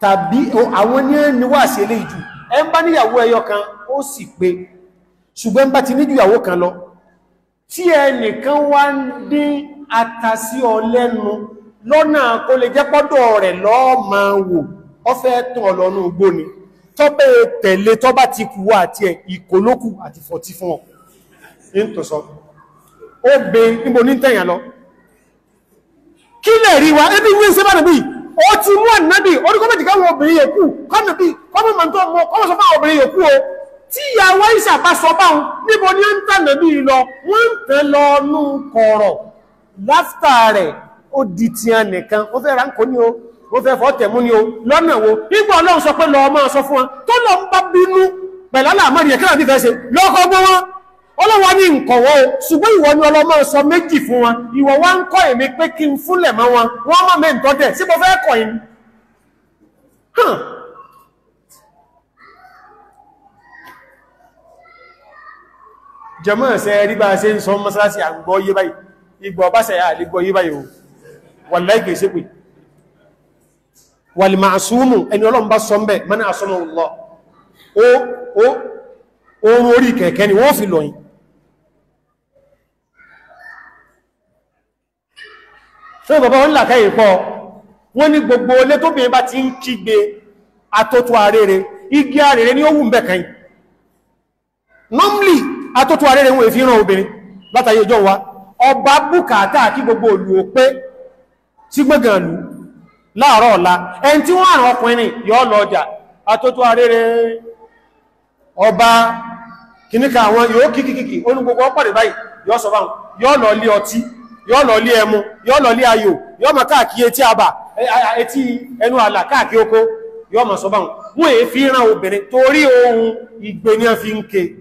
tàbí àwọn ní ẹniwà sí ilé ìjù ẹ ń bá níyàwó ẹyọ kan ó sì pé ṣùgbọ́n bá ti níjú ìyàwó kan lọ tí ẹnìkan wá ń dín ata sí ọ lẹ́nu lọ́nà kó lè jẹ́ pọ́dọ̀ rẹ̀ lọ́ọ́ be níbo ní tẹ̀yàn lọ kí lè rí wa ẹbí wí sí bá nàbí ó ti mú ànábì orúkọ méjì káwọn obìnrin yòókù kọ́nà bí kọ́mọ̀ mọ̀ tó mọ kọ́mọ̀ sọ fún àwọn obìnrin yòókù o tí ìyàwó ìṣà bá sọ báwọn níbo ni ó ń tànà bí lọ wọ́n ń tẹ́ lọ nú kọ̀rọ̀ láfítà rẹ̀ ó di tiẹ̀ nìkan ó fẹ́ ránkó ní o ó fẹ́ fọ́ tẹ̀mú ní o lọ́nà wo nígbà ọlọ́run sọ pé lọ́ọ́ máa sọ fún wọn tó lọ ń bá bínú pẹ̀lú àlàmọ́ ọlọ́wọ́ ní nkọ̀wọ́ ṣùgbọ́n ìwọ ni ọlọ́mọ sọ méjì fún wọn ìwọ wá ń kọ́ èmi pé kí n fúnlẹ̀ mọ́ wọn wọ́n mọ̀ mẹ́ ǹtọ́jẹ̀ sí mo fẹ́ kọ̀ yìí jẹmọ́ ẹ̀sẹ̀ rí bá ṣe ń sọ mọ́sálásí àgbọ́ yé báyìí igbọ̀ ọbáṣẹ̀ àlẹ́gbọ́ yé báyìí wà láìkè sí pé wà lè máa súnmù ẹni ọlọ́run bá sọ́mbẹ̀ mọ́nà àsọ́mọ̀ ọlọ́ oòrùn orí kẹ̀kẹ́ ni wọ́n fi lọ́yìn sọ́rọ̀ bàbá wọn làkẹ́ ìpọ̀ wọ́n ní gbogbo olé tó bèèrè bá ti ń kígbe atótó arére igi arére ní ó wù normally atótó arére wọn èfi ràn obìnrin látàyé ọjọ́ wa ọba bùkátà kí gbogbo olù ó pé sí gbẹ́gànlú láàárọ̀ ọ̀la ẹni tí wọ́n àrùn ọkùnrin yọ́ lọ ọjà atótó arére ọba kìníkà àwọn yóò kíkìkìkì olùgbogbo ọpọ̀dẹ̀ yọọ lọ lé ẹmu yọ́ lọ lé ma káàkiri etí àbà e, etí ẹnu àlà káàkiri oko ma sọ báhùn wọ́n èé fi ràn obìnrin torí ohun fi ń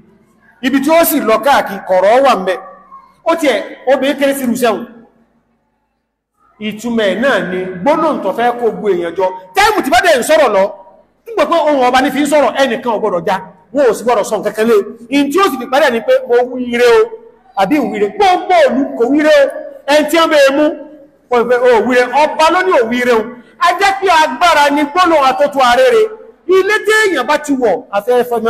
ibi tí ó sì lọ káàkiri kọ̀rọ̀ wà mẹ́ ó ti ẹ̀ obìnrin kéré sí rùsẹ́hùn ìtumẹ̀ náà ni gbónáà tó fẹ́ kó gbó èèyàn jọ tẹ́ẹ̀mù ti bá dẹ̀ ń ọba ní fi ń sọ̀rọ̀ ẹnìkan já ò sì gbọ́dọ̀ sọ nǹkan kan lé tí ó sì fi parẹ́ ni pé mo o àbí ẹntí ọmọ èmú òwúre ọba ló ní òwúre o a jẹ́ pé agbára ní gbọ́nà àtọ́tọ́ arére ilé tí èèyàn bá ti wọ̀ afẹ́fẹ́ ah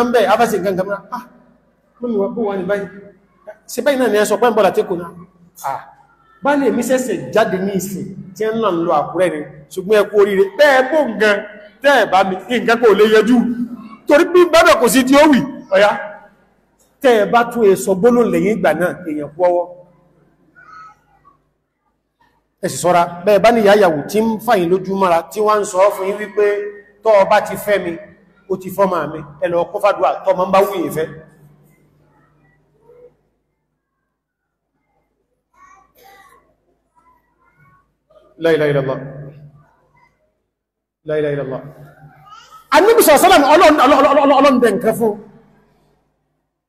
mọ́mí wọ́n wọ́n ní báyìí ni ẹsọ pẹ́ ń ah bá lè mí sẹ́sẹ̀ jáde ní ìsìn tí ń lọ lọ àkúrẹ́ ni ṣùgbọ́n ẹkú oríire bẹ́ẹ̀ bó nǹkan tẹ́ẹ̀ bá mi nǹkan kò lè yẹjú torí bí bẹ́bẹ̀ kò ẹ̀sì sọ́ra bẹ́ẹ̀ bá ní ìyáyàwó tí ń fàyín lójú mọ́ra tí wọ́n ń sọ fún yín wípé tọ́ ọba ti fẹ́ mi ó ti fọ́mà mi ẹlọ ọkọ́ fàdúwà tọ́ ma ń bá wúyìn fẹ́ la ilaha illallah la ilaha illallah anúbìsọ̀ sọ́lọ̀m ọlọ́ndẹ̀ nǹkan fún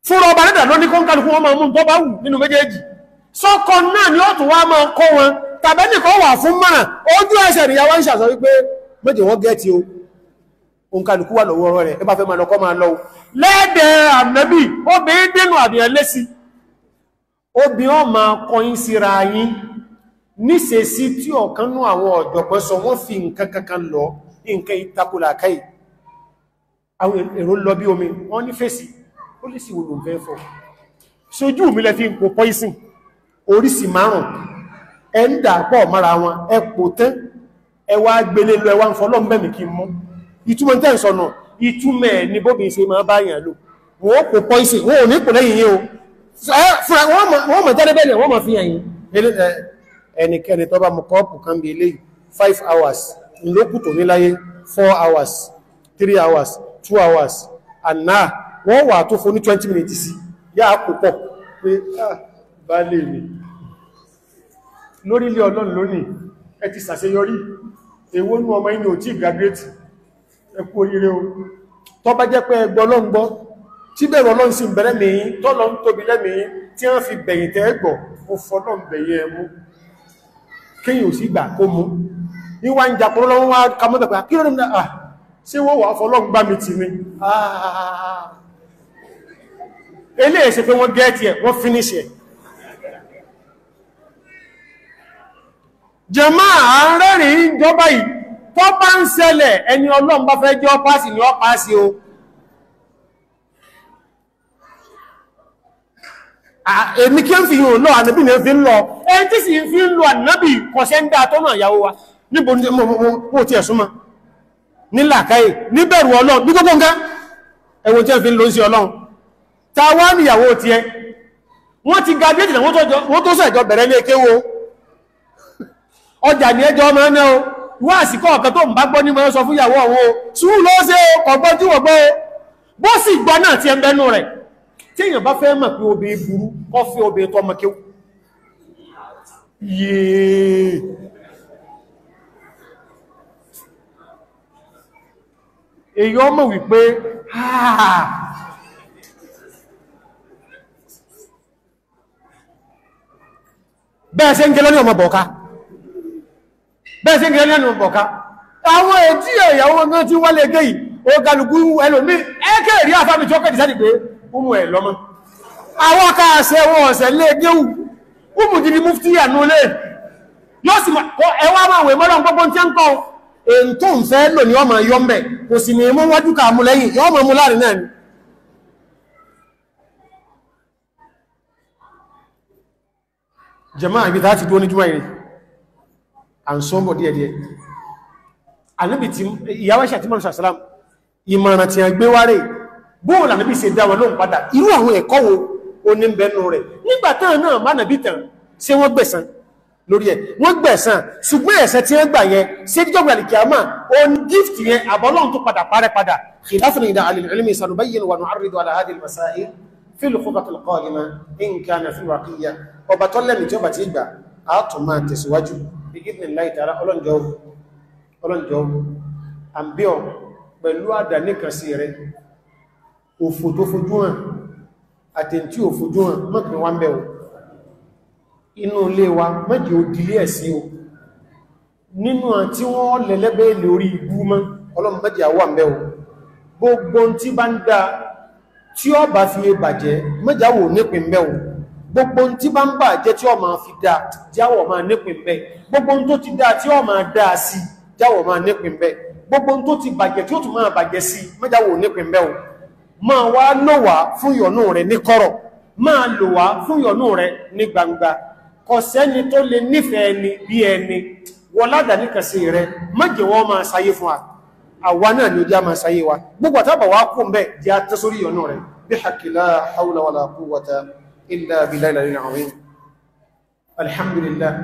fúnra ọba rẹ̀dà lóní kọ́nkálùkù wọn máa mú bọ́bá wù nínú méjèèjì sọ́kọ̀ tàbẹ́nìkan wà fún mọ́ràn ojú ẹsẹ̀ ìyàwó ń sàsọ wípé méjì wọ́n gẹ́ẹ̀tì o òǹkàlùkú wà lọ́wọ́ rẹ̀ ẹbá fẹ́ máa lọ́kọ́ máa lọ́wọ́ lẹ́ẹ̀dẹ̀ ànábì obìnrin dínú àbìyàn lẹ́sí obìnrin ọmọ kọyín síra yín níṣe sí tí ọ̀kan nú àwọn ọ̀jọ̀gbọ́n sọ wọ́n fi nǹkan kankan lọ nǹkan ìtakùlà káì àwọn èrò márùn-ún ẹ ń dà pọ̀ mara wọn ẹ pò tán ẹ wá gbélé lọ ẹ wá ń fọlọ́ mẹ́mì kí mú ìtumọ̀ tẹ́ ń sọnà ìtumọ̀ ní bóbi ṣe máa bá yàn lò wọ́n kò pọ́ ìsìn wọ́n ò ní kò lẹ́yìn yín o wọ́n mọ̀ tẹ́lẹ̀ bẹ́ẹ̀ wọ́n mọ̀ fi hàn yín ẹnikẹ́ni five hours ńlókù tó níláyé four hours three hours two hours àná wọ́n wà tó fún ní twenty minutes yá àpòpọ̀ pé ah bá mi lórílẹ̀ ọlọ́run lónìí ẹ ti sàṣeyọrí èwo nú ọmọ inú ò tí graduate ẹ kú oríire o tó bá jẹ́ pé ẹgbọ́ ọlọ́run gbọ́ tí bẹ̀rù ọlọ́run sì bẹ̀rẹ̀ mìí tọ́lọ́ ń tóbi lẹ́mìí tí wọ́n fi bẹ̀yìn tẹ́ gbọ̀ mo fọ́nà bẹ̀yẹ mú kéyìn ò sí gbà kó mú ní wá ń jàpọ̀rọ̀ lọ́wọ́ wá kamọ́tẹ̀ pé àkírọ̀ nínú à sí wọ́n wà fọ́lọ́ gbá mi ti mi ah, ah, ah, finish ẹ̀ jamaa à ń ìjọba yìí tó bá ń ṣẹlẹ̀ ẹni ọlọ́run bá fẹ́ jẹ́ ọpásì ní o èmi kí ń fi yìí lọ ànábì ní fi ń lọ ẹni tí sì fi ń lọ ànábì kọ̀ṣẹ́ ń dá tó náà yàwó wa níbo ní mo ti ẹ̀súnmọ́ ní làkáyè níbẹ̀rù ọlọ́run bí gbogbo nǹkan ẹ̀wọ̀n tí ẹ fi ń lọ sí ọlọ́run ta wá níyàwó wọ́n ti ga bí ètìlẹ̀ wọ́n tó bẹ̀rẹ̀ ní ọjà ní ẹjọ́ ọmọ ẹ̀nà o wá àsìkò ọ̀kan tó ń bá gbọ́ ní sọ fún ìyàwó o ló ṣe tí wọ́n gbọ́ o bó sì gbọ́ náà ti ẹnbẹ́nu rẹ̀ tí èèyàn bá fẹ́ mọ̀ pé obè burú kọ́ fi obè èyí ọmọ wípé bẹ́ẹ̀ bẹ́ẹ̀sí ìgbẹ̀rẹ̀ lẹ́nu bọ̀ká àwọn ètí ẹ̀yàwó náà tí wálé gẹ́ yìí ó galùkú ẹlòmí ẹ́kẹ̀ẹ̀rí àfáàmì tí ó kẹ́ ìsáàdì pé ọmọ ẹ̀ lọ́mọ àwọn káàṣẹ wọn ọ̀sẹ̀ lé géwù ọmọ jìdí mufti ànúlé yóò sì ẹwà máa wẹ̀ mọ́lọ́n gbogbo tí ń kọ́ kò sì ní mú wájú ká mú lẹ́yìn mú láàrin náà ni and sọ́mbọ̀ díẹ̀díẹ̀ anábì tí ìyáwá ṣe àti mọ́rún sàṣàlám ìmọ̀ràn tí a gbé wárẹ̀ bóòlù anábì ṣe dá wọn lóhun padà irú àwọn ẹ̀kọ́ wo ó ní bẹnu rẹ̀ nígbà táwọn náà má nàbí tàn ṣé wọ́n gbẹ̀san lórí ẹ̀ wọ́n gbẹ̀san ṣùgbọ́n ẹ̀ṣẹ̀ tí wọ́n gbà yẹn ṣé jíjọba àlìkíyàmá ó gift yẹn àbọ́lọ́hun tó padà parẹ́ padà khilafun ila al-ilmi sanubayyin wa nu'arridu ala hadhihi al fi al-khutbah in kana fi waqiya ọba tọ́lẹ̀mì tí ó bá ti gbà á ìdínláì tààrà ọlọ́njọ́ àbíọ̀ pẹ̀lú àdà nìkan sí rẹ̀ òfò tó fojú hàn àtẹ̀ntí ò fojú hàn mọ́kànlá wá ń bẹ̀wò inú ilé wa mẹ́jì ó dílé ẹ̀sí o nínú àti wọ́n lẹ́lẹ́bẹ́ ilẹ̀ orí ibú mọ́ ọlọ́mọdé àwọ̀ àmẹ́ gbogbo ohun tí bá ń bà jẹ́ tí ó máa fi dáa jáwọ̀ máa nípìn bẹ́ẹ̀ gbogbo ohun tó ti dáa tí ó máa dáa sí jáwọ̀ máa nípìn bẹ́ẹ̀ gbogbo tó ti bàjẹ́ tí ó tún máa bàjẹ́ sí mẹ́jáwọ̀ nípìn bẹ́ẹ̀ o máa wá lò fún ìyọ̀nú rẹ̀ ní kọ̀rọ̀ máa lò wá fún ìyọ̀nú rẹ̀ ní gbangba kò sẹ́ni tó lè nífẹ̀ẹ́ ni bí ẹni wọ́n ládàní kan ni ó já máa sáyé wa gbogbo àtàbà wá kún bẹ́ẹ̀ jẹ́ atẹ́sórí ìyọ̀nú rẹ̀ bí hakila haula wala quwwata إلا بالله عظيم الحمد لله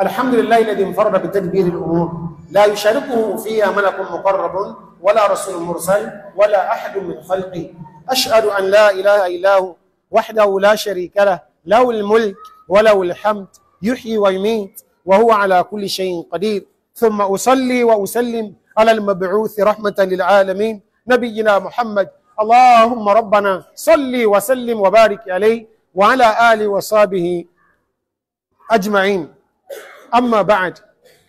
الحمد لله الذي انفرد بتدبير الأمور لا يشاركه فيها ملك مقرب ولا رسول مرسل ولا أحد من خلقه أشهد أن لا إله إلا هو وحده لا شريك له له الملك وله الحمد يحيي ويميت وهو على كل شيء قدير ثم أصلي وأسلم على المبعوث رحمة للعالمين نبينا محمد اللهم ربنا صلي وسلم وبارك عليه وعلى آل وصحبه أجمعين أما بعد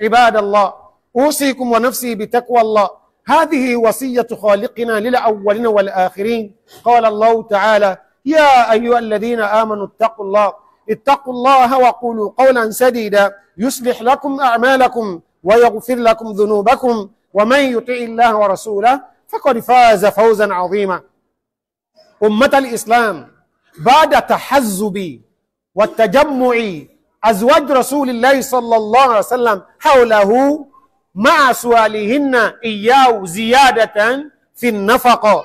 عباد الله أوصيكم ونفسي بتقوى الله هذه وصية خالقنا للأولين والآخرين قال الله تعالى يا أيها الذين آمنوا اتقوا الله اتقوا الله وقولوا قولا سديدا يصلح لكم أعمالكم ويغفر لكم ذنوبكم ومن يطع الله ورسوله فقد فاز فوزا عظيما أمة الإسلام بعد تحزبي والتجمع أزواج رسول الله صلى الله عليه وسلم حوله مع سؤالهن إياه زيادة في النفقة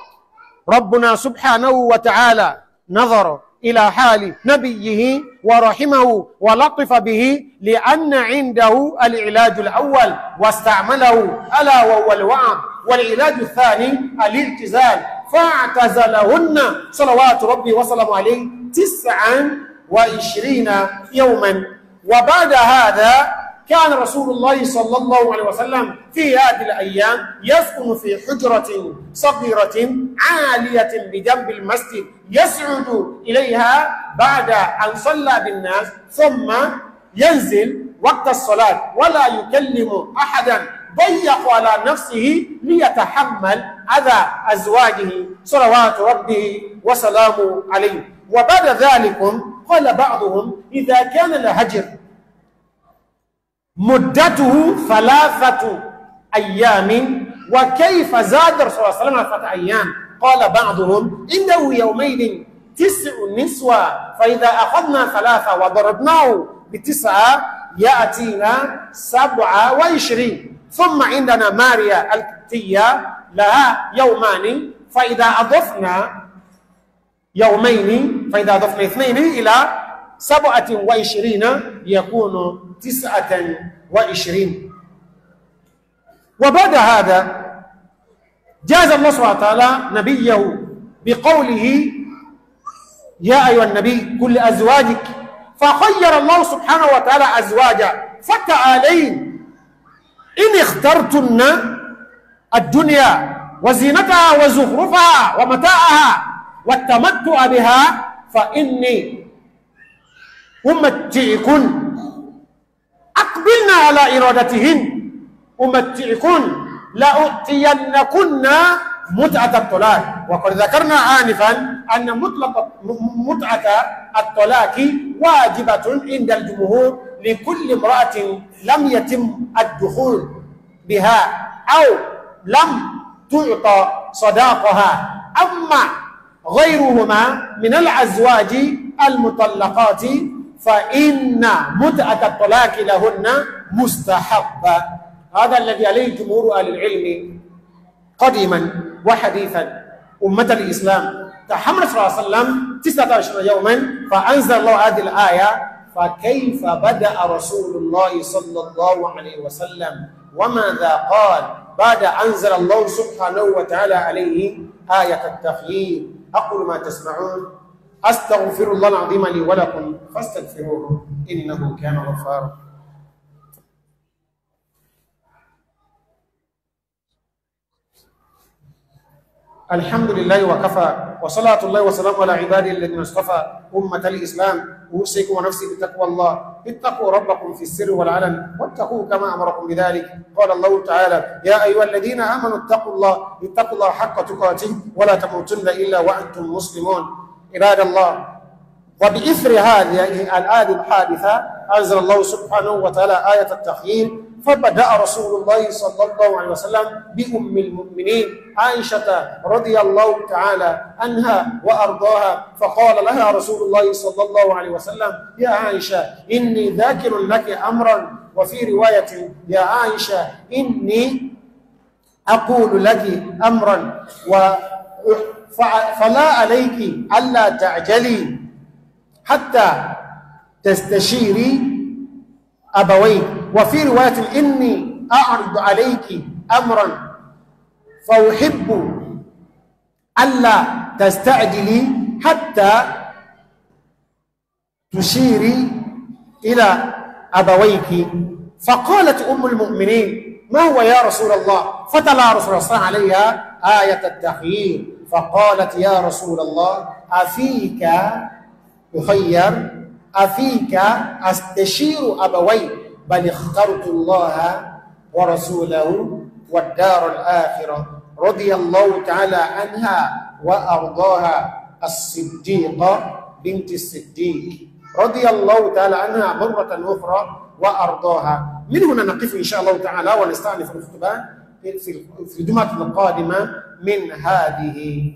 ربنا سبحانه وتعالى نظر إلى حال نبيه ورحمه ولطف به لأن عنده العلاج الأول واستعمله ألا وهو الوعظ والعلاج الثاني الاعتزال فاعتزلهن صلوات ربي وسلم عليه تسعا وعشرين يوما وبعد هذا كان رسول الله صلى الله عليه وسلم في هذه الأيام يسكن في حجرة صغيرة عالية بجنب المسجد يسعد إليها بعد أن صلى بالناس ثم ينزل وقت الصلاة ولا يكلم أحدا ضيق على نفسه ليتحمل أذى أزواجه صلوات ربه وسلامه عليه وبعد ذلك قال بعضهم إذا كان الهجر مدته ثلاثة أيام وكيف زاد الرسول صلى الله عليه وسلم ثلاثة أيام قال بعضهم إنه يومين تسع نسوة فإذا أخذنا ثلاثة وضربناه بتسعة يأتينا سبعة وعشرين ثم عندنا ماريا الكبتية لها يومان فإذا أضفنا يومين فإذا أضفنا اثنين إلى سبعة وعشرين يكون تسعة وعشرين وبعد هذا جاز الله سبحانه وتعالى نبيه بقوله يا أيها النبي كل أزواجك فخير الله سبحانه وتعالى أزواجا فتعالين إن اخترتن الدنيا وزينتها وزخرفها ومتاعها والتمتع بها فإني أمتعكن أقبلنا على إرادتهن أمتعكن لأؤتينكن متعة الطلاق وقد ذكرنا آنفا أن مطلق متعة الطلاق واجبة عند الجمهور لكل امرأة لم يتم الدخول بها أو لم تعطى صداقها أما غيرهما من الأزواج المطلقات فإن متعة الطلاق لهن مستحبة هذا الذي عليه جمهور أهل العلم قديما وحديثا أمة الإسلام تحمل صلى الله عليه وسلم 19 يوما فأنزل الله هذه الآية فكيف بدأ رسول الله صلى الله عليه وسلم وماذا قال بعد أنزل الله سبحانه وتعالى عليه آية التخيير أقول ما تسمعون أستغفر الله العظيم لي ولكم فاستغفروه إنه كان غفارا الحمد لله وكفى وصلاة الله وسلامه على عباده الذين اصطفى أمة الإسلام أوصيكم ونفسي بتقوى الله اتقوا ربكم في السر والعلن واتقوا كما أمركم بذلك قال الله تعالى يا أيها الذين آمنوا اتقوا الله اتقوا الله حق تقاته ولا تموتن إلا وأنتم مسلمون عباد الله وبإثر هذه الآذي الحادثة أنزل الله سبحانه وتعالى آية التخييل فبدأ رسول الله صلى الله عليه وسلم بأم المؤمنين عائشة رضي الله تعالى عنها وأرضاها فقال لها رسول الله صلى الله عليه وسلم يا عائشة إني ذاكر لك أمرا وفي رواية يا عائشة إني أقول لك أمرا و فلا عليك ألا تعجلي حتى تستشيري أبويك وفي رواية إني أعرض عليك أمرا فأحب ألا تستعجلي حتى تشيري إلى أبويك فقالت أم المؤمنين ما هو يا رسول الله فتلا رسول الله صلى الله عليها آية التخيير فقالت يا رسول الله أفيك يخير أفيك أستشير أبوي بل اخترت الله ورسوله والدار الآخرة رضي الله تعالى عنها وأرضاها الصديقة بنت الصديق رضي الله تعالى عنها مرة أخرى وأرضاها من هنا نقف إن شاء الله تعالى ونستأنف الخطبة في الجمعة القادمة من هذه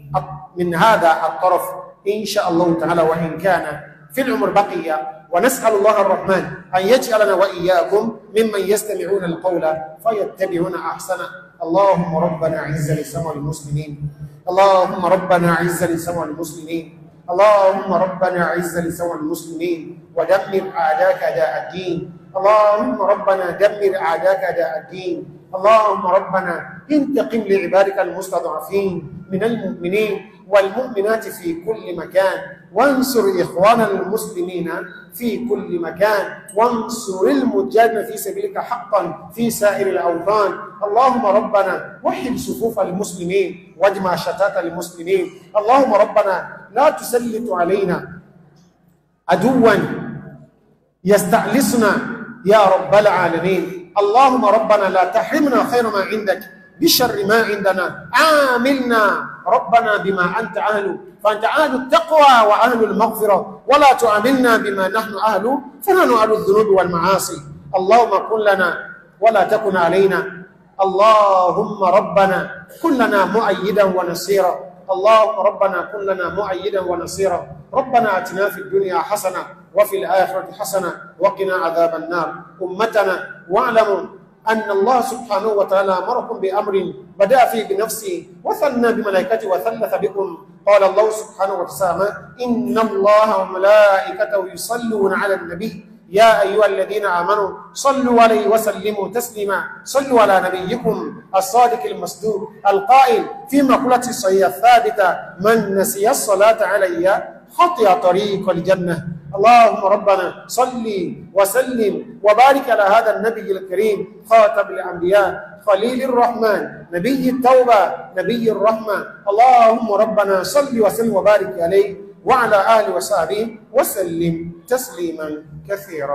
من هذا الطرف إن شاء الله تعالى وإن كان في العمر بقية ونسأل الله الرحمن أن يجعلنا وإياكم ممن يستمعون القول فيتبعون أحسنه اللهم ربنا عز لسمع المسلمين اللهم ربنا عز لسمع المسلمين اللهم ربنا عز لسمع المسلمين ودمر أعداك أداء الدين اللهم ربنا دمر أعداك أداء الدين اللهم ربنا انتقم لعبادك المستضعفين من المؤمنين والمؤمنات في كل مكان وانصر إخوان المسلمين في كل مكان وانصر المجاهدين في سبيلك حقا في سائر الأوطان اللهم ربنا وحد صفوف المسلمين واجمع شتات المسلمين اللهم ربنا لا تسلط علينا عدوا يستعلصنا يا رب العالمين اللهم ربنا لا تحرمنا خير ما عندك بشر ما عندنا عاملنا ربنا بما أنت أهل فأنت أهل التقوى وأهل المغفرة ولا تعاملنا بما نحن أهل فنحن أهل الذنوب والمعاصي اللهم كن لنا ولا تكن علينا اللهم ربنا كن لنا مؤيدا ونصيرا اللهم ربنا كن لنا مؤيدا ونصيرا ربنا أتنا في الدنيا حسنة وفي الآخرة حسنة وقنا عذاب النار أمتنا واعلموا أن الله سبحانه وتعالى أمركم بأمر بدأ فيه بنفسه وثنى بملائكته وثلث بكم قال الله سبحانه وتعالى إن الله وملائكته يصلون على النبي يا أيها الذين آمنوا صلوا عليه وسلموا تسليما صلوا على نبيكم الصادق المصدوق القائل في مقولة الصحية الثابتة من نسي الصلاة علي خطي طريق الجنة اللهم ربنا صلي وسلم وبارك على هذا النبي الكريم خاتم الأنبياء خليل الرحمن نبي التوبة نبي الرحمة اللهم ربنا صل وسلم وبارك عليه وعلى آله وصحبه وسلم تسليما كثيرا